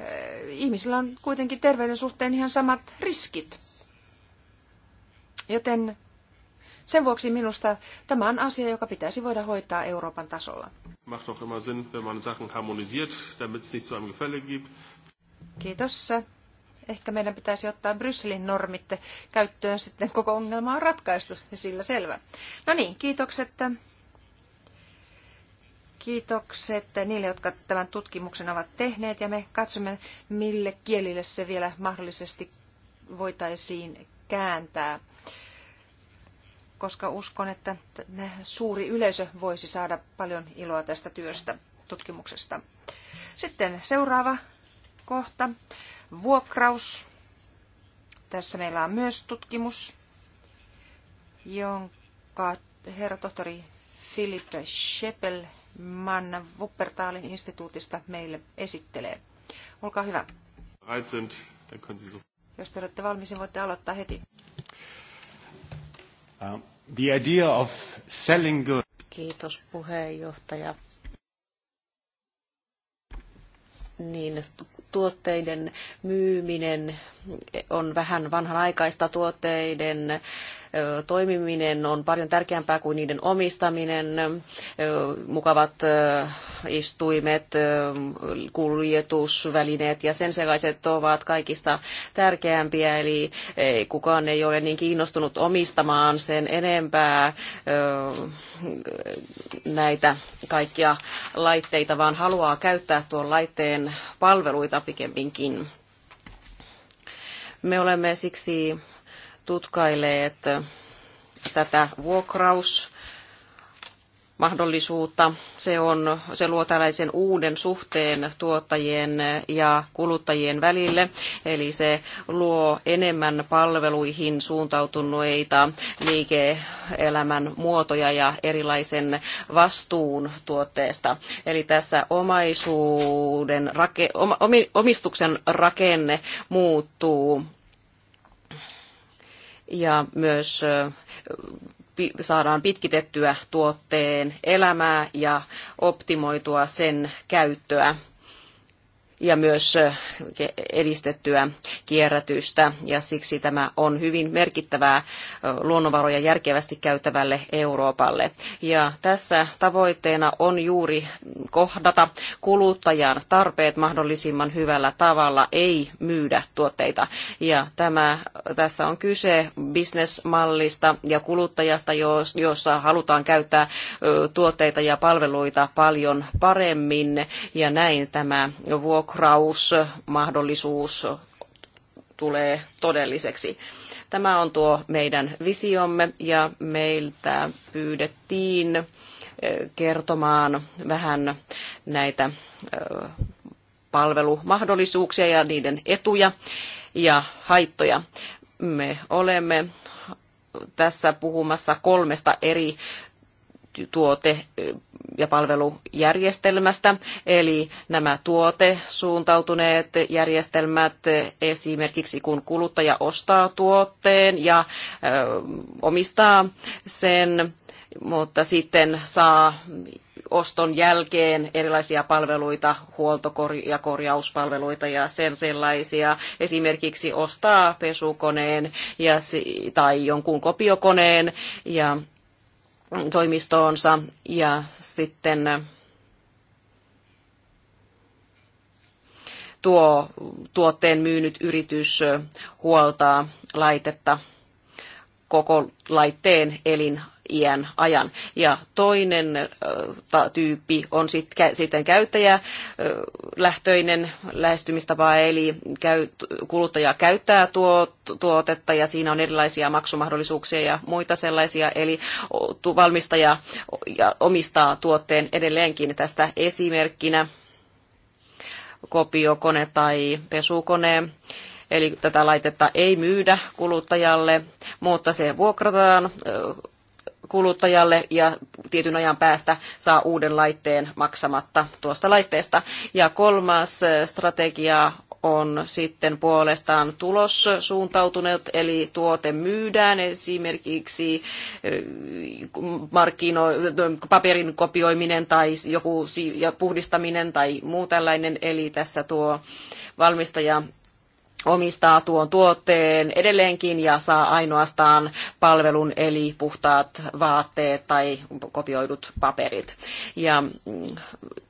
ihmisillä on kuitenkin terveyden suhteen ihan samat riskit. Joten sen vuoksi minusta tämä on asia, joka pitäisi voida hoitaa Euroopan tasolla. Kiitos. Ehkä meidän pitäisi ottaa Brysselin normit käyttöön sitten koko ongelma on ratkaistu ja sillä selvä. No niin, kiitokset. Kiitokset niille, jotka tämän tutkimuksen ovat tehneet ja me katsomme, mille kielille se vielä mahdollisesti voitaisiin kääntää koska uskon, että suuri yleisö voisi saada paljon iloa tästä työstä, tutkimuksesta. Sitten seuraava kohta. Vuokraus. Tässä meillä on myös tutkimus, jonka herra tohtori Philippe Scheppelmann Wuppertalin instituutista meille esittelee. Olkaa hyvä. Jos te olette valmis, niin voitte aloittaa heti. Uh, the idea of selling goods. Kiitos puheenjohtaja. Niin, tuotteiden myyminen on vähän vanhanaikaista tuotteiden toimiminen on paljon tärkeämpää kuin niiden omistaminen, mukavat istuimet, kuljetusvälineet ja sen sellaiset ovat kaikista tärkeämpiä, eli e, kukaan ei ole niin kiinnostunut omistamaan sen enempää näitä kaikkia laitteita, vaan haluaa käyttää tuon laitteen palveluita pikemminkin. Me olemme siksi tutkailleet tätä vuokraus mahdollisuutta. Se, on, se luo tällaisen uuden suhteen tuottajien ja kuluttajien välille, eli se luo enemmän palveluihin suuntautuneita liike-elämän muotoja ja erilaisen vastuun tuotteesta. Eli tässä omaisuuden, rake, omistuksen rakenne muuttuu ja myös saadaan pitkitettyä tuotteen elämää ja optimoitua sen käyttöä ja myös edistettyä kierrätystä. Ja siksi tämä on hyvin merkittävää luonnonvaroja järkevästi käyttävälle Euroopalle. Ja tässä tavoitteena on juuri kohdata kuluttajan tarpeet mahdollisimman hyvällä tavalla, ei myydä tuotteita. Ja tämä, tässä on kyse bisnesmallista ja kuluttajasta, jossa halutaan käyttää tuotteita ja palveluita paljon paremmin. Ja näin tämä vuok mahdollisuus tulee todelliseksi. Tämä on tuo meidän visiomme ja meiltä pyydettiin eh, kertomaan vähän näitä eh, palvelumahdollisuuksia ja niiden etuja ja haittoja. Me olemme tässä puhumassa kolmesta eri tuote- ja palvelujärjestelmästä, eli nämä tuotesuuntautuneet järjestelmät esimerkiksi kun kuluttaja ostaa tuotteen ja omistaa sen, mutta sitten saa oston jälkeen erilaisia palveluita, huolto- ja korjauspalveluita ja sen sellaisia. Esimerkiksi ostaa pesukoneen ja, tai jonkun kopiokoneen ja toimistoonsa ja sitten tuo tuotteen myynyt yritys huoltaa laitetta koko laitteen elin iän ajan. Ja toinen tyyppi on sitten käyttäjälähtöinen lähestymistapa, eli kuluttaja käyttää tuotetta ja siinä on erilaisia maksumahdollisuuksia ja muita sellaisia, eli valmistaja omistaa tuotteen edelleenkin tästä esimerkkinä kopiokone tai pesukone. Eli tätä laitetta ei myydä kuluttajalle, mutta se vuokrataan kuluttajalle ja tietyn ajan päästä saa uuden laitteen maksamatta tuosta laitteesta. Ja kolmas eh, strategia on sitten puolestaan tulos suuntautuneet, eli tuote myydään esimerkiksi eh, markkino, paperin kopioiminen tai joku ja puhdistaminen tai muu tällainen, eli tässä tuo valmistaja omistaa tuon tuotteen edelleenkin ja saa ainoastaan palvelun eli puhtaat vaatteet tai kopioidut paperit. Ja mm,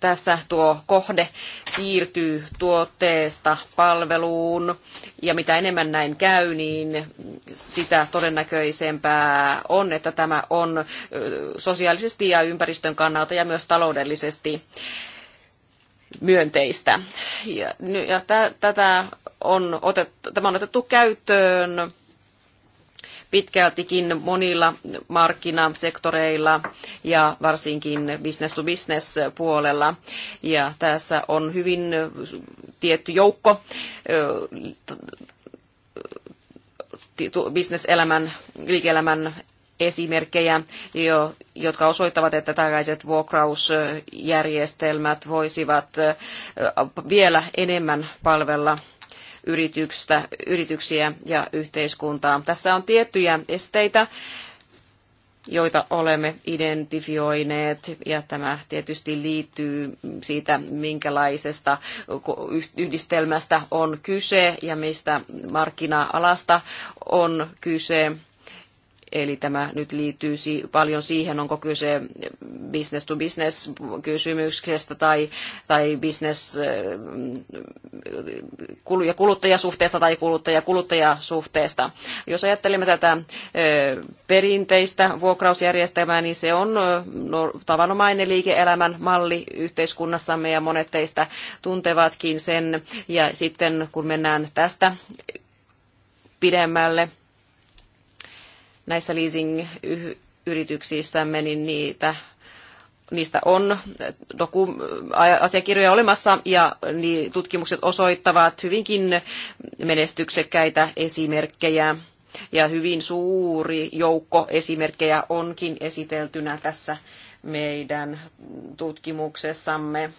tässä tuo kohde siirtyy tuotteesta palveluun ja mitä enemmän näin käy, niin sitä todennäköisempää on, että tämä on sosiaalisesti ja ympäristön kannalta ja myös taloudellisesti myönteistä. Ja, ja tätä on otettu, tämä on otettu käyttöön pitkältikin monilla markkinasektoreilla ja varsinkin business-to-business-puolella. Ja tässä on hyvin tietty joukko bisneselämän, liike-elämän esimerkkejä, jotka osoittavat, että tällaiset vuokrausjärjestelmät voisivat vielä enemmän palvella yritystä, yrityksiä ja yhteiskuntaa. Tässä on tiettyjä esteitä, joita olemme identifioineet, ja tämä tietysti liittyy siitä, minkälaisesta yhdistelmästä on kyse ja mistä markkina-alasta on kyse Eli tämä nyt liittyy paljon siihen, onko kyse business to business kysymyksestä tai, tai business äh, ja kuluttajasuhteesta tai kuluttaja-kuluttajasuhteesta. Jos ajattelemme tätä äh, perinteistä vuokrausjärjestelmää, niin se on äh, tavanomainen liike-elämän malli yhteiskunnassamme ja monet teistä tuntevatkin sen. Ja sitten kun mennään tästä pidemmälle, näissä leasing-yrityksistämme, niin niitä niistä on doku, asiakirjoja olemassa ja niin tutkimukset osoittavat hyvinkin menestyksekkäitä esimerkkejä. Ja hyvin suuri joukko esimerkkejä onkin esiteltynä tässä meidän tutkimuksessamme.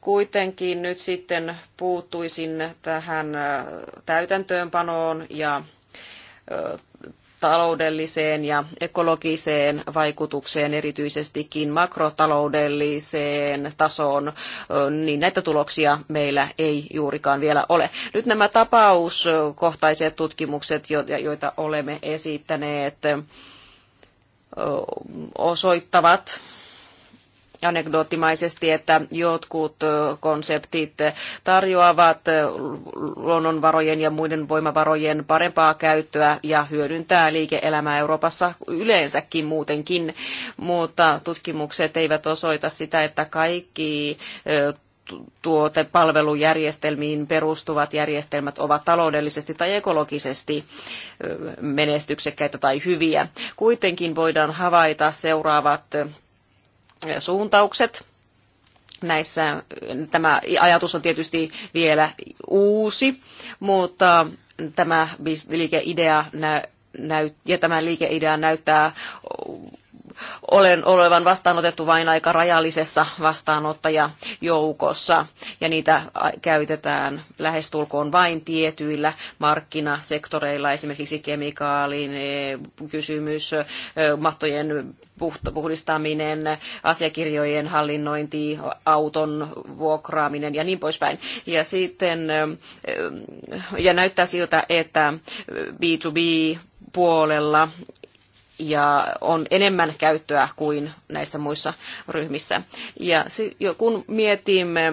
Kuitenkin nyt sitten puuttuisin tähän täytäntöönpanoon ja taloudelliseen ja ekologiseen vaikutukseen, erityisestikin makrotaloudelliseen tasoon, niin näitä tuloksia meillä ei juurikaan vielä ole. Nyt nämä tapauskohtaiset tutkimukset, joita olemme esittäneet, osoittavat, anekdoottimaisesti, että jotkut konseptit tarjoavat luonnonvarojen ja muiden voimavarojen parempaa käyttöä ja hyödyntää liike-elämää Euroopassa yleensäkin muutenkin, mutta tutkimukset eivät osoita sitä, että kaikki tuotepalvelujärjestelmiin perustuvat järjestelmät ovat taloudellisesti tai ekologisesti menestyksekkäitä tai hyviä. Kuitenkin voidaan havaita seuraavat suuntaukset näissä. Tämä ajatus on tietysti vielä uusi, mutta tämä liikeidea nä- ja tämä liikeidea näyttää olen olevan vastaanotettu vain aika rajallisessa vastaanottajajoukossa, ja niitä käytetään lähestulkoon vain tietyillä markkinasektoreilla, esimerkiksi kemikaalin e, kysymys, e, mattojen puhdistaminen, asiakirjojen hallinnointi, auton vuokraaminen ja niin poispäin. Ja sitten e, ja näyttää siltä, että B2B puolella ja on enemmän käyttöä kuin näissä muissa ryhmissä. Ja kun mietimme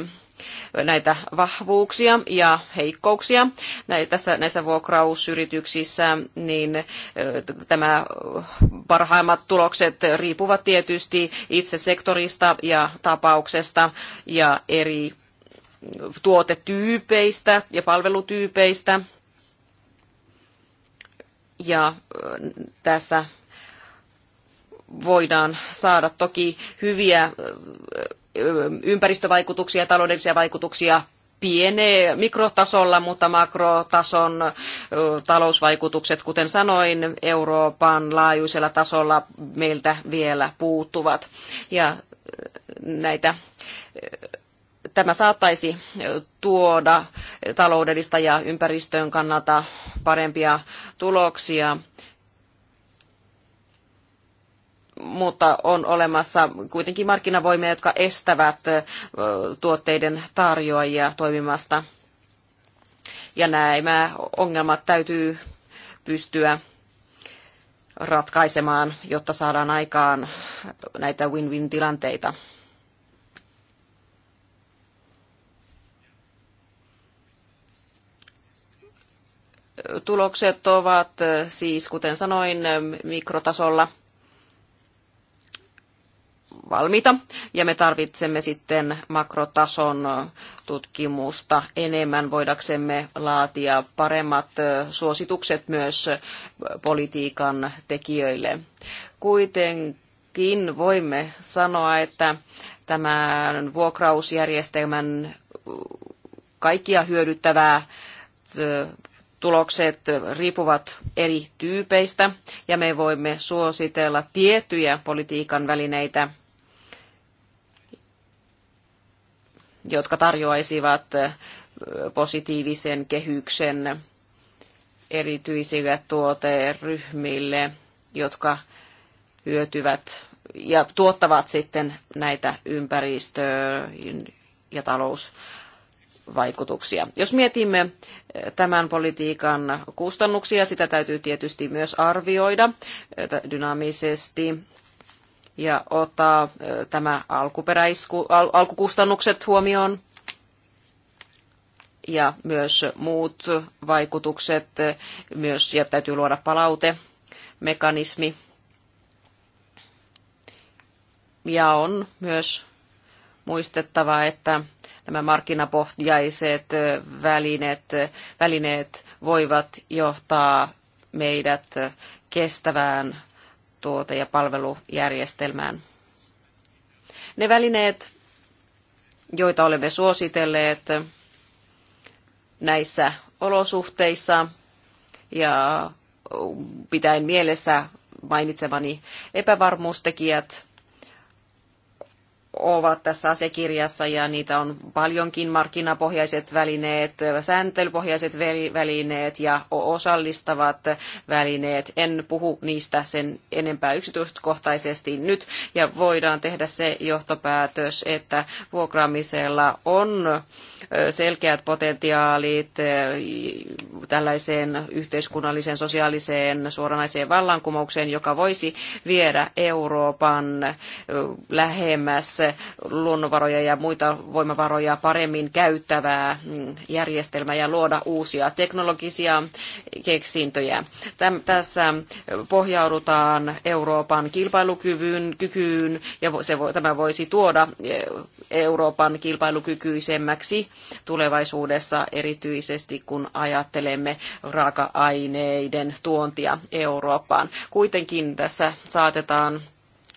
näitä vahvuuksia ja heikkouksia näissä, näissä vuokrausyrityksissä, niin tämä parhaimmat tulokset riippuvat tietysti itse sektorista ja tapauksesta ja eri tuotetyypeistä ja palvelutyypeistä. Ja tässä voidaan saada toki hyviä ympäristövaikutuksia, taloudellisia vaikutuksia piene mikrotasolla, mutta makrotason talousvaikutukset, kuten sanoin, Euroopan laajuisella tasolla meiltä vielä puuttuvat. Ja näitä tämä saattaisi tuoda taloudellista ja ympäristön kannalta parempia tuloksia mutta on olemassa kuitenkin markkinavoimia, jotka estävät tuotteiden tarjoajia toimimasta. Ja nämä ongelmat täytyy pystyä ratkaisemaan, jotta saadaan aikaan näitä win-win-tilanteita. Tulokset ovat siis, kuten sanoin, mikrotasolla – valmiita. Ja me tarvitsemme sitten makrotason tutkimusta enemmän voidaksemme laatia paremmat suositukset myös politiikan tekijöille. Kuitenkin voimme sanoa, että tämän vuokrausjärjestelmän kaikkia hyödyttävää tulokset riippuvat eri tyypeistä ja me voimme suositella tiettyjä politiikan välineitä jotka tarjoaisivat positiivisen kehyksen erityisille tuoteryhmille, jotka hyötyvät ja tuottavat sitten näitä ympäristö- ja talousvaikutuksia. Jos mietimme tämän politiikan kustannuksia, sitä täytyy tietysti myös arvioida dynaamisesti ja ottaa tämä alkuperäisku, al, alkukustannukset huomioon ja myös muut vaikutukset, myös ja täytyy luoda palautemekanismi. Ja on myös muistettava, että nämä markkinapohjaiset välineet, välineet voivat johtaa meidät kestävään tuote- ja palvelujärjestelmään. Ne välineet, joita olemme suositelleet näissä olosuhteissa ja pitäen mielessä mainitsemani epävarmuustekijät, ovat tässä asiakirjassa ja niitä on paljonkin markkinapohjaiset välineet, sääntelypohjaiset välineet ja osallistavat välineet. En puhu niistä sen enempää yksityiskohtaisesti nyt ja voidaan tehdä se johtopäätös, että vuokraamisella on selkeät potentiaalit tällaiseen yhteiskunnalliseen, sosiaaliseen, suoranaiseen vallankumoukseen, joka voisi viedä Euroopan lähemmäs luonnonvaroja ja muita voimavaroja paremmin käyttävää mm, järjestelmää ja luoda uusia teknologisia keksintöjä. Tässä pohjaudutaan Euroopan kilpailukyvyn kykyyn ja se, tämä voisi tuoda Euroopan kilpailukykyisemmäksi tulevaisuudessa, erityisesti kun ajattelemme raaka-aineiden tuontia Eurooppaan. Kuitenkin tässä saatetaan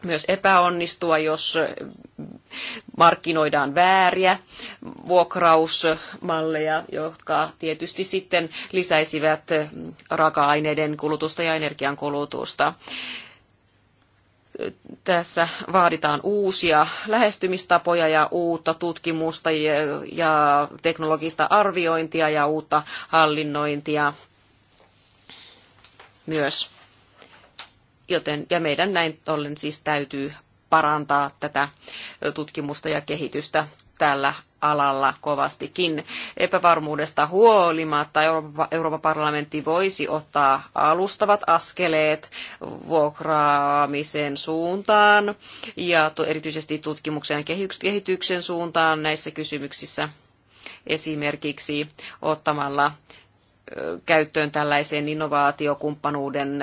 myös epäonnistua, jos markkinoidaan vääriä vuokrausmalleja, jotka tietysti sitten lisäisivät raaka-aineiden kulutusta ja energian kulutusta tässä vaaditaan uusia lähestymistapoja ja uutta tutkimusta ja teknologista arviointia ja uutta hallinnointia myös. Joten, ja meidän näin ollen siis täytyy parantaa tätä tutkimusta ja kehitystä tällä alalla kovastikin. Epävarmuudesta huolimatta Euroopan parlamentti voisi ottaa alustavat askeleet vuokraamisen suuntaan ja erityisesti tutkimuksen ja kehityksen suuntaan näissä kysymyksissä esimerkiksi ottamalla käyttöön tällaisen innovaatiokumppanuuden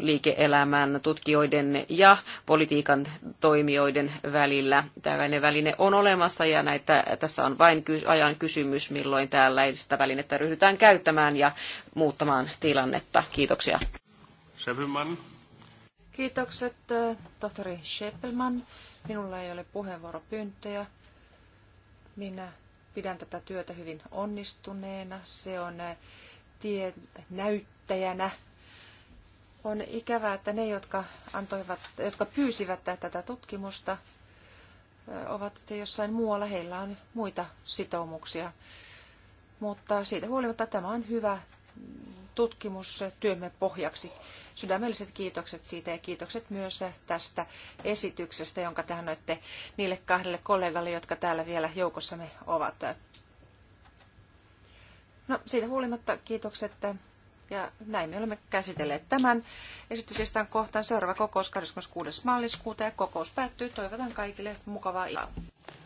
liike-elämän tutkijoiden ja politiikan toimijoiden välillä. Tällainen väline on olemassa ja näitä, tässä on vain ajan kysymys, milloin tällaista välinettä ryhdytään käyttämään ja muuttamaan tilannetta. Kiitoksia. Seppelman. Kiitokset, tohtori Seppelman. Minulla ei ole puheenvuoropyyntöjä. Minä Pidän tätä työtä hyvin onnistuneena. Se on eh, tien näyttäjänä. On ikävää, että ne, jotka, antoivat, jotka pyysivät tätä tutkimusta, eh, ovat jossain muualla. Heillä on muita sitoumuksia. Mutta siitä huolimatta tämä on hyvä tutkimustyömme pohjaksi. Sydämelliset kiitokset siitä ja kiitokset myös tästä esityksestä, jonka tähän olette niille kahdelle kollegalle, jotka täällä vielä joukossamme ovat. No, siitä huolimatta kiitokset ja näin me olemme käsitelleet tämän esityslistan kohtaan. Seuraava kokous 26. maaliskuuta ja kokous päättyy. Toivotan kaikille mukavaa iltaa.